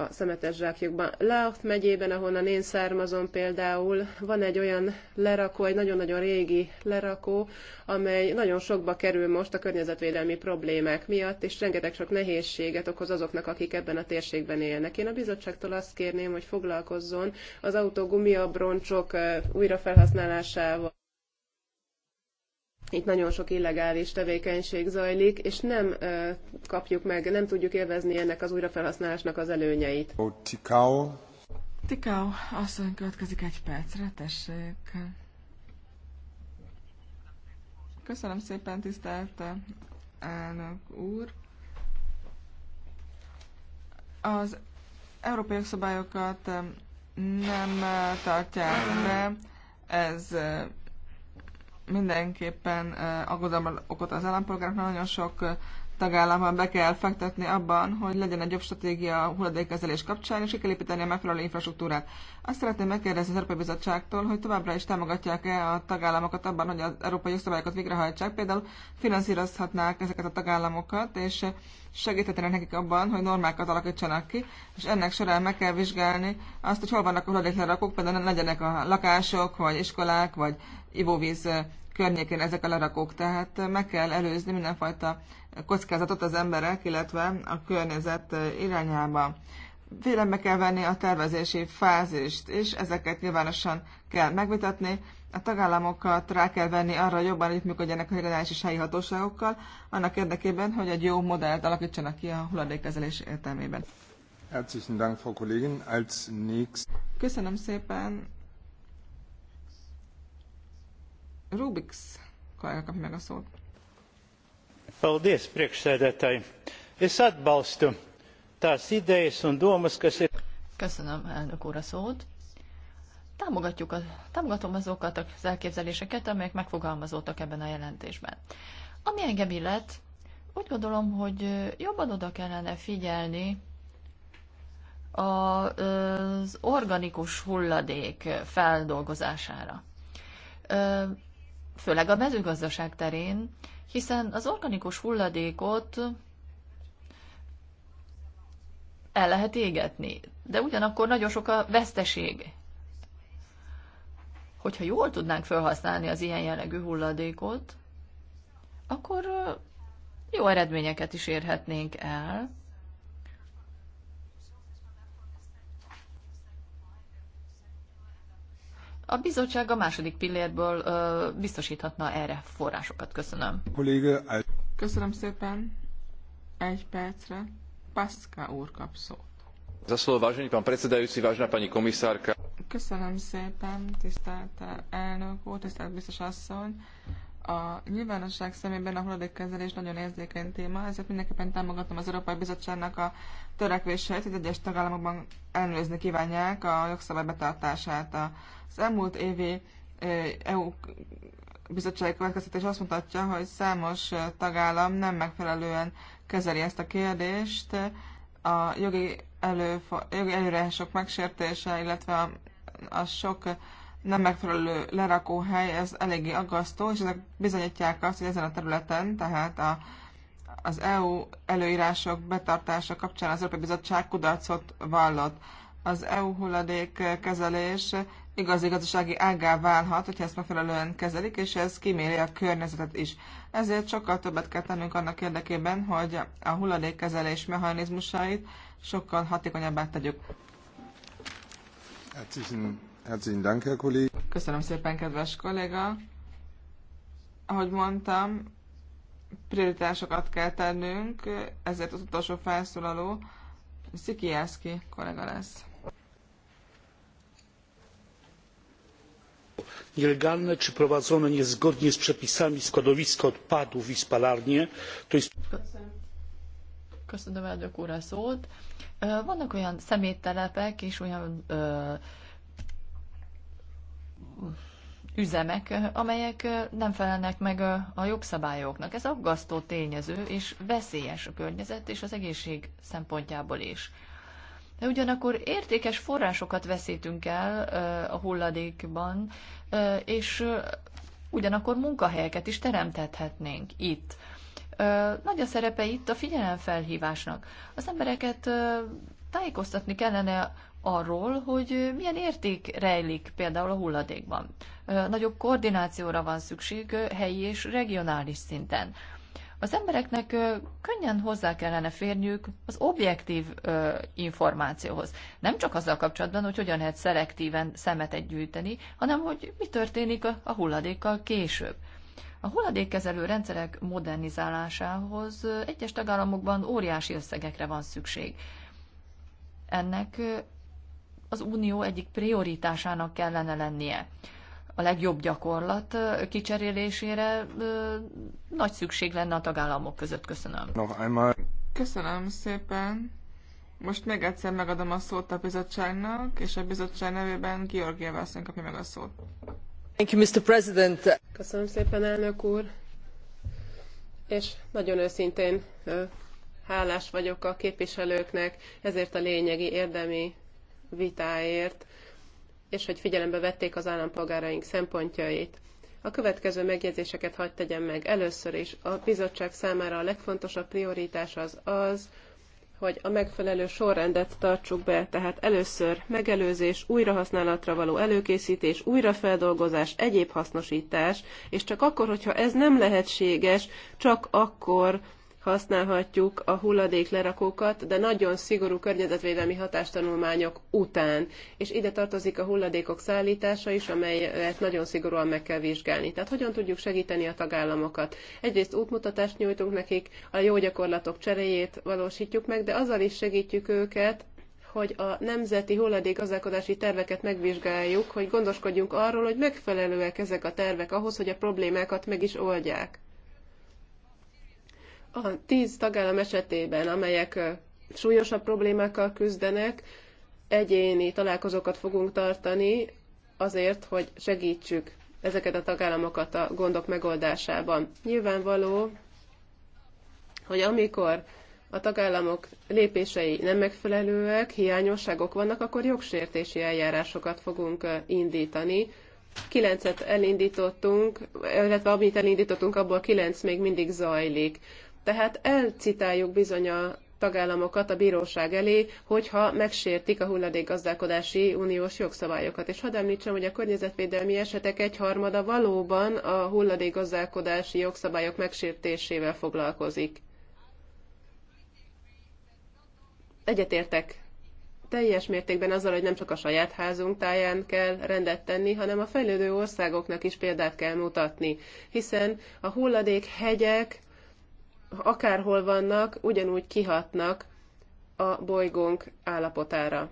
a szemetes zsákjukban. Leacht megyében, ahonnan én származom például, van egy olyan lerakó, egy nagyon-nagyon régi lerakó, amely nagyon sokba kerül most a környezetvédelmi problémák miatt, és rengeteg sok nehézséget okoz azoknak, akik ebben a térségben élnek. Én a bizottságtól azt kérném, hogy foglalkozzon az autó gumiabroncsok újrafelhasználásával itt nagyon sok illegális tevékenység zajlik, és nem ö, kapjuk meg, nem tudjuk élvezni ennek az újrafelhasználásnak az előnyeit. Tikao. Tikao, asszony következik egy percre, tessék. Köszönöm szépen, tisztelt elnök úr. Az európai szabályokat nem tartják be, ez mindenképpen aggodalmat okot az állampolgároknak, nagyon sok tagállamban be kell fektetni abban, hogy legyen egy jobb stratégia a hulladékkezelés kapcsán, és ki kell építeni a megfelelő infrastruktúrát. Azt szeretném megkérdezni az Európai Bizottságtól, hogy továbbra is támogatják-e a tagállamokat abban, hogy az európai jogszabályokat végrehajtsák, például finanszírozhatnák ezeket a tagállamokat, és segíthetnének nekik abban, hogy normákat alakítsanak ki, és ennek során meg kell vizsgálni azt, hogy hol vannak a hulladéklerakók, például legyenek a lakások, vagy iskolák, vagy ivóvíz környékén ezek a lerakók. Tehát meg kell előzni mindenfajta kockázatot az emberek, illetve a környezet irányába. Vélembe kell venni a tervezési fázist, és ezeket nyilvánosan kell megvitatni. A tagállamokat rá kell venni arra, hogy jobban együttműködjenek a regionális és helyi hatóságokkal, annak érdekében, hogy egy jó modellt alakítsanak ki a hulladékkezelés értelmében. Köszönöm szépen. Rubiks kollega kapja meg a Paldies, priekšsēdētāji. Es atbalstu tās idejas un domas, kas ir... Köszönöm, elnök úr, a szót. Támogatjuk a, támogatom azokat az elképzeléseket, amelyek megfogalmazódtak ebben a jelentésben. Ami engem illet, úgy gondolom, hogy jobban oda kellene figyelni az organikus hulladék feldolgozására főleg a mezőgazdaság terén, hiszen az organikus hulladékot el lehet égetni, de ugyanakkor nagyon sok a veszteség. Hogyha jól tudnánk felhasználni az ilyen jellegű hulladékot, akkor jó eredményeket is érhetnénk el, A bizottság a második pillérből ö, biztosíthatna erre forrásokat. Köszönöm. Köszönöm szépen. Egy percre. Paszka úr kap szót. Za slovo, vážený pán predsedajúci, pani komisárka. Köszönöm szépen, tisztelt elnök úr, tisztelt biztos asszony a nyilvánosság szemében a hulladékkezelés nagyon érzékeny téma, ezért mindenképpen támogatom az Európai Bizottságnak a törekvéseit, hogy egyes tagállamokban ellenőrizni kívánják a jogszabály betartását. Az elmúlt évi EU bizottsági következtetés azt mutatja, hogy számos tagállam nem megfelelően kezeli ezt a kérdést, a jogi, előfo- jogi előrások megsértése, illetve a, a sok nem megfelelő lerakóhely, ez eléggé aggasztó, és ezek bizonyítják azt, hogy ezen a területen, tehát a, az EU előírások betartása kapcsán az Európai Bizottság kudarcot vallott. Az EU hulladék kezelés igazi gazdasági ágá válhat, hogyha ezt megfelelően kezelik, és ez kiméri a környezetet is. Ezért sokkal többet kell tennünk annak érdekében, hogy a hulladékkezelés mechanizmusait sokkal hatékonyabbá tegyük. Hát, Köszönöm szépen, kedves kolléga. Ahogy mondtam, prioritásokat kell tennünk, ezért az utolsó felszólaló Szikijászki kollega lesz. nielegalne czy prowadzone niezgodnie z przepisami składowiska odpadów i spalarnie to jest Köszönöm, elnök úr, a szót. Vannak olyan szeméttelepek és olyan ö, üzemek, amelyek nem felelnek meg a jogszabályoknak. Ez aggasztó tényező, és veszélyes a környezet és az egészség szempontjából is. De ugyanakkor értékes forrásokat veszítünk el a hulladékban, és ugyanakkor munkahelyeket is teremtethetnénk itt. Nagy a szerepe itt a figyelemfelhívásnak. Az embereket tájékoztatni kellene arról, hogy milyen érték rejlik például a hulladékban. Nagyobb koordinációra van szükség helyi és regionális szinten. Az embereknek könnyen hozzá kellene férniük az objektív információhoz. Nem csak azzal kapcsolatban, hogy hogyan lehet szelektíven szemetet gyűjteni, hanem hogy mi történik a hulladékkal később. A hulladékkezelő rendszerek modernizálásához egyes tagállamokban óriási összegekre van szükség. Ennek az unió egyik prioritásának kellene lennie. A legjobb gyakorlat kicserélésére nagy szükség lenne a tagállamok között. Köszönöm. Köszönöm szépen. Most még egyszer megadom a szót a bizottságnak, és a bizottság nevében Georgia Vászon kapja meg a szót. Thank you, Mr. President. Köszönöm szépen, elnök úr. És nagyon őszintén hálás vagyok a képviselőknek ezért a lényegi, érdemi vitáért, és hogy figyelembe vették az állampolgáraink szempontjait. A következő megjegyzéseket hagyd tegyem meg. Először is a bizottság számára a legfontosabb prioritás az az, hogy a megfelelő sorrendet tartsuk be, tehát először megelőzés, újrahasználatra való előkészítés, újrafeldolgozás, egyéb hasznosítás, és csak akkor, hogyha ez nem lehetséges, csak akkor használhatjuk a hulladék lerakókat, de nagyon szigorú környezetvédelmi hatástanulmányok után. És ide tartozik a hulladékok szállítása is, amelyet nagyon szigorúan meg kell vizsgálni. Tehát hogyan tudjuk segíteni a tagállamokat? Egyrészt útmutatást nyújtunk nekik, a jó gyakorlatok cseréjét valósítjuk meg, de azzal is segítjük őket, hogy a nemzeti hulladékgazdálkodási terveket megvizsgáljuk, hogy gondoskodjunk arról, hogy megfelelőek ezek a tervek ahhoz, hogy a problémákat meg is oldják a tíz tagállam esetében, amelyek súlyosabb problémákkal küzdenek, egyéni találkozókat fogunk tartani azért, hogy segítsük ezeket a tagállamokat a gondok megoldásában. Nyilvánvaló, hogy amikor a tagállamok lépései nem megfelelőek, hiányosságok vannak, akkor jogsértési eljárásokat fogunk indítani. Kilencet elindítottunk, illetve amit elindítottunk, abból kilenc még mindig zajlik tehát elcitáljuk bizony a tagállamokat a bíróság elé, hogyha megsértik a hulladékgazdálkodási uniós jogszabályokat. És hadd említsem, hogy a környezetvédelmi esetek egyharmada valóban a hulladékgazdálkodási jogszabályok megsértésével foglalkozik. Egyetértek teljes mértékben azzal, hogy nem csak a saját házunk táján kell rendet tenni, hanem a fejlődő országoknak is példát kell mutatni, hiszen a hulladék hegyek, akárhol vannak, ugyanúgy kihatnak a bolygónk állapotára.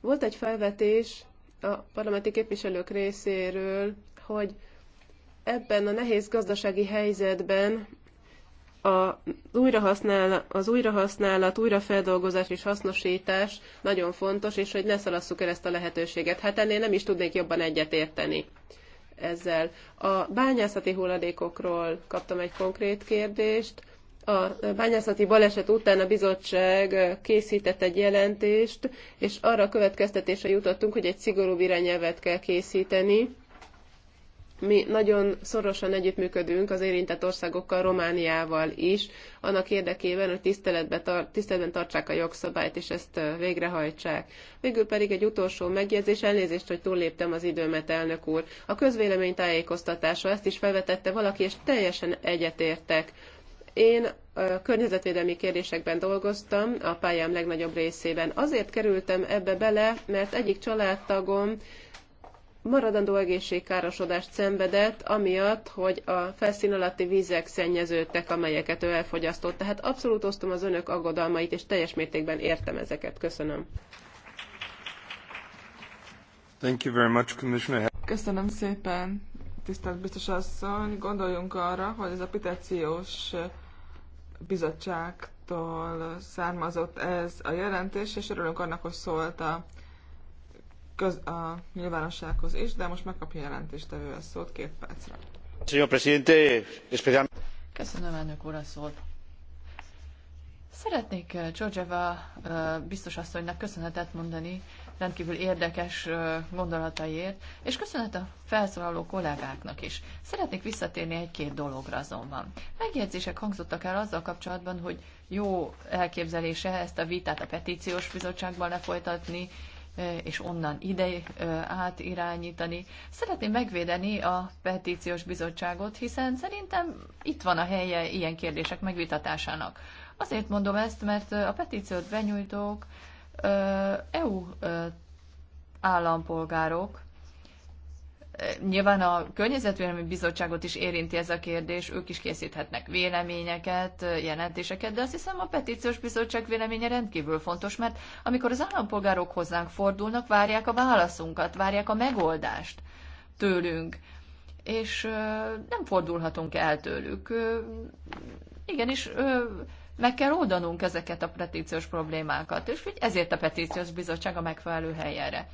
Volt egy felvetés a parlamenti képviselők részéről, hogy ebben a nehéz gazdasági helyzetben az, újrahasznál, az újrahasználat, újrafeldolgozás és hasznosítás nagyon fontos, és hogy ne szalasszuk el ezt a lehetőséget. Hát ennél nem is tudnék jobban egyetérteni. érteni ezzel. A bányászati hulladékokról kaptam egy konkrét kérdést. A bányászati baleset után a bizottság készített egy jelentést, és arra a következtetésre jutottunk, hogy egy szigorúbb irányelvet kell készíteni mi nagyon szorosan együttműködünk az érintett országokkal, Romániával is, annak érdekében, hogy tiszteletben, tar- tiszteletben tartsák a jogszabályt, és ezt végrehajtsák. Végül pedig egy utolsó megjegyzés, elnézést, hogy túlléptem az időmet, elnök úr. A közvélemény tájékoztatása, ezt is felvetette valaki, és teljesen egyetértek. Én a környezetvédelmi kérdésekben dolgoztam, a pályám legnagyobb részében. Azért kerültem ebbe bele, mert egyik családtagom maradandó egészségkárosodást szenvedett, amiatt, hogy a felszín alatti vízek szennyeződtek, amelyeket ő elfogyasztott. Tehát abszolút osztom az önök aggodalmait, és teljes mértékben értem ezeket. Köszönöm. Thank you very much, Commissioner. Köszönöm szépen, tisztelt biztos asszony. Gondoljunk arra, hogy ez a petíciós bizottságtól származott ez a jelentés, és örülünk annak, hogy szólt a köz, a nyilvánossághoz is, de most megkapja jelentéstevő a szót két percre. Köszönöm, elnök úr, a szót. Szeretnék eh, Georgieva eh, biztos asszonynak köszönetet mondani rendkívül érdekes eh, gondolataiért, és köszönet a felszólaló kollégáknak is. Szeretnék visszatérni egy-két dologra azonban. Megjegyzések hangzottak el azzal kapcsolatban, hogy jó elképzelése ezt a vitát a petíciós bizottságban lefolytatni, és onnan ide átirányítani. Szeretném megvédeni a petíciós bizottságot, hiszen szerintem itt van a helye ilyen kérdések megvitatásának. Azért mondom ezt, mert a petíciót benyújtók EU állampolgárok, Nyilván a Környezetvédelmi Bizottságot is érinti ez a kérdés, ők is készíthetnek véleményeket, jelentéseket, de azt hiszem a Petíciós Bizottság véleménye rendkívül fontos, mert amikor az állampolgárok hozzánk fordulnak, várják a válaszunkat, várják a megoldást tőlünk, és nem fordulhatunk el tőlük. Igenis, meg kell oldanunk ezeket a petíciós problémákat, és ezért a petíciós bizottság a megfelelő helyére.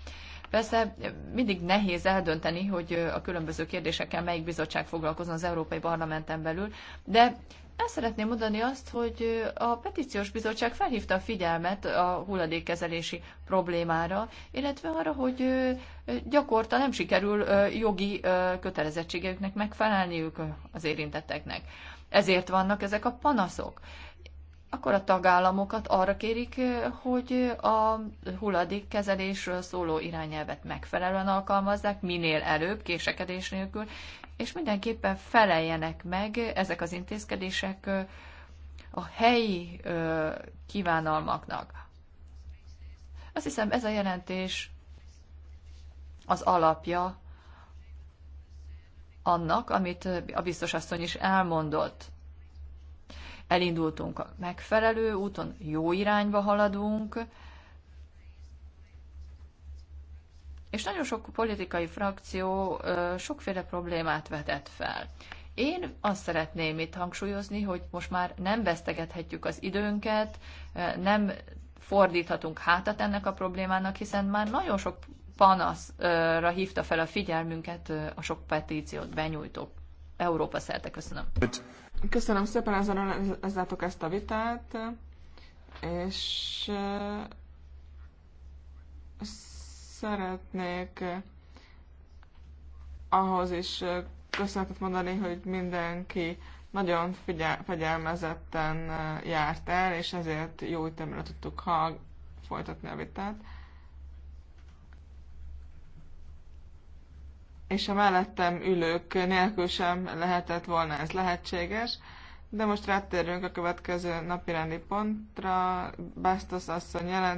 Persze mindig nehéz eldönteni, hogy a különböző kérdésekkel melyik bizottság foglalkozon az Európai Parlamenten belül, de el szeretném mondani azt, hogy a petíciós bizottság felhívta a figyelmet a hulladékkezelési problémára, illetve arra, hogy gyakorta nem sikerül jogi kötelezettségeiknek megfelelniük az érintetteknek. Ezért vannak ezek a panaszok akkor a tagállamokat arra kérik, hogy a hulladékkezelésről szóló irányelvet megfelelően alkalmazzák, minél előbb, késekedés nélkül, és mindenképpen feleljenek meg ezek az intézkedések a helyi kívánalmaknak. Azt hiszem, ez a jelentés az alapja annak, amit a biztos asszony is elmondott elindultunk a megfelelő úton, jó irányba haladunk, és nagyon sok politikai frakció sokféle problémát vetett fel. Én azt szeretném itt hangsúlyozni, hogy most már nem vesztegethetjük az időnket, nem fordíthatunk hátat ennek a problémának, hiszen már nagyon sok panaszra hívta fel a figyelmünket a sok petíciót benyújtó Európa szerte. Köszönöm. Köszönöm szépen, ezzel lezártuk ezt a vitát, és szeretnék ahhoz is köszönetet mondani, hogy mindenki nagyon figyel, fegyelmezetten járt el, és ezért jó ütemre tudtuk ha folytatni a vitát. és a mellettem ülők nélkül sem lehetett volna ez lehetséges. De most rátérünk a következő rendi pontra. Bastos asszony jelent.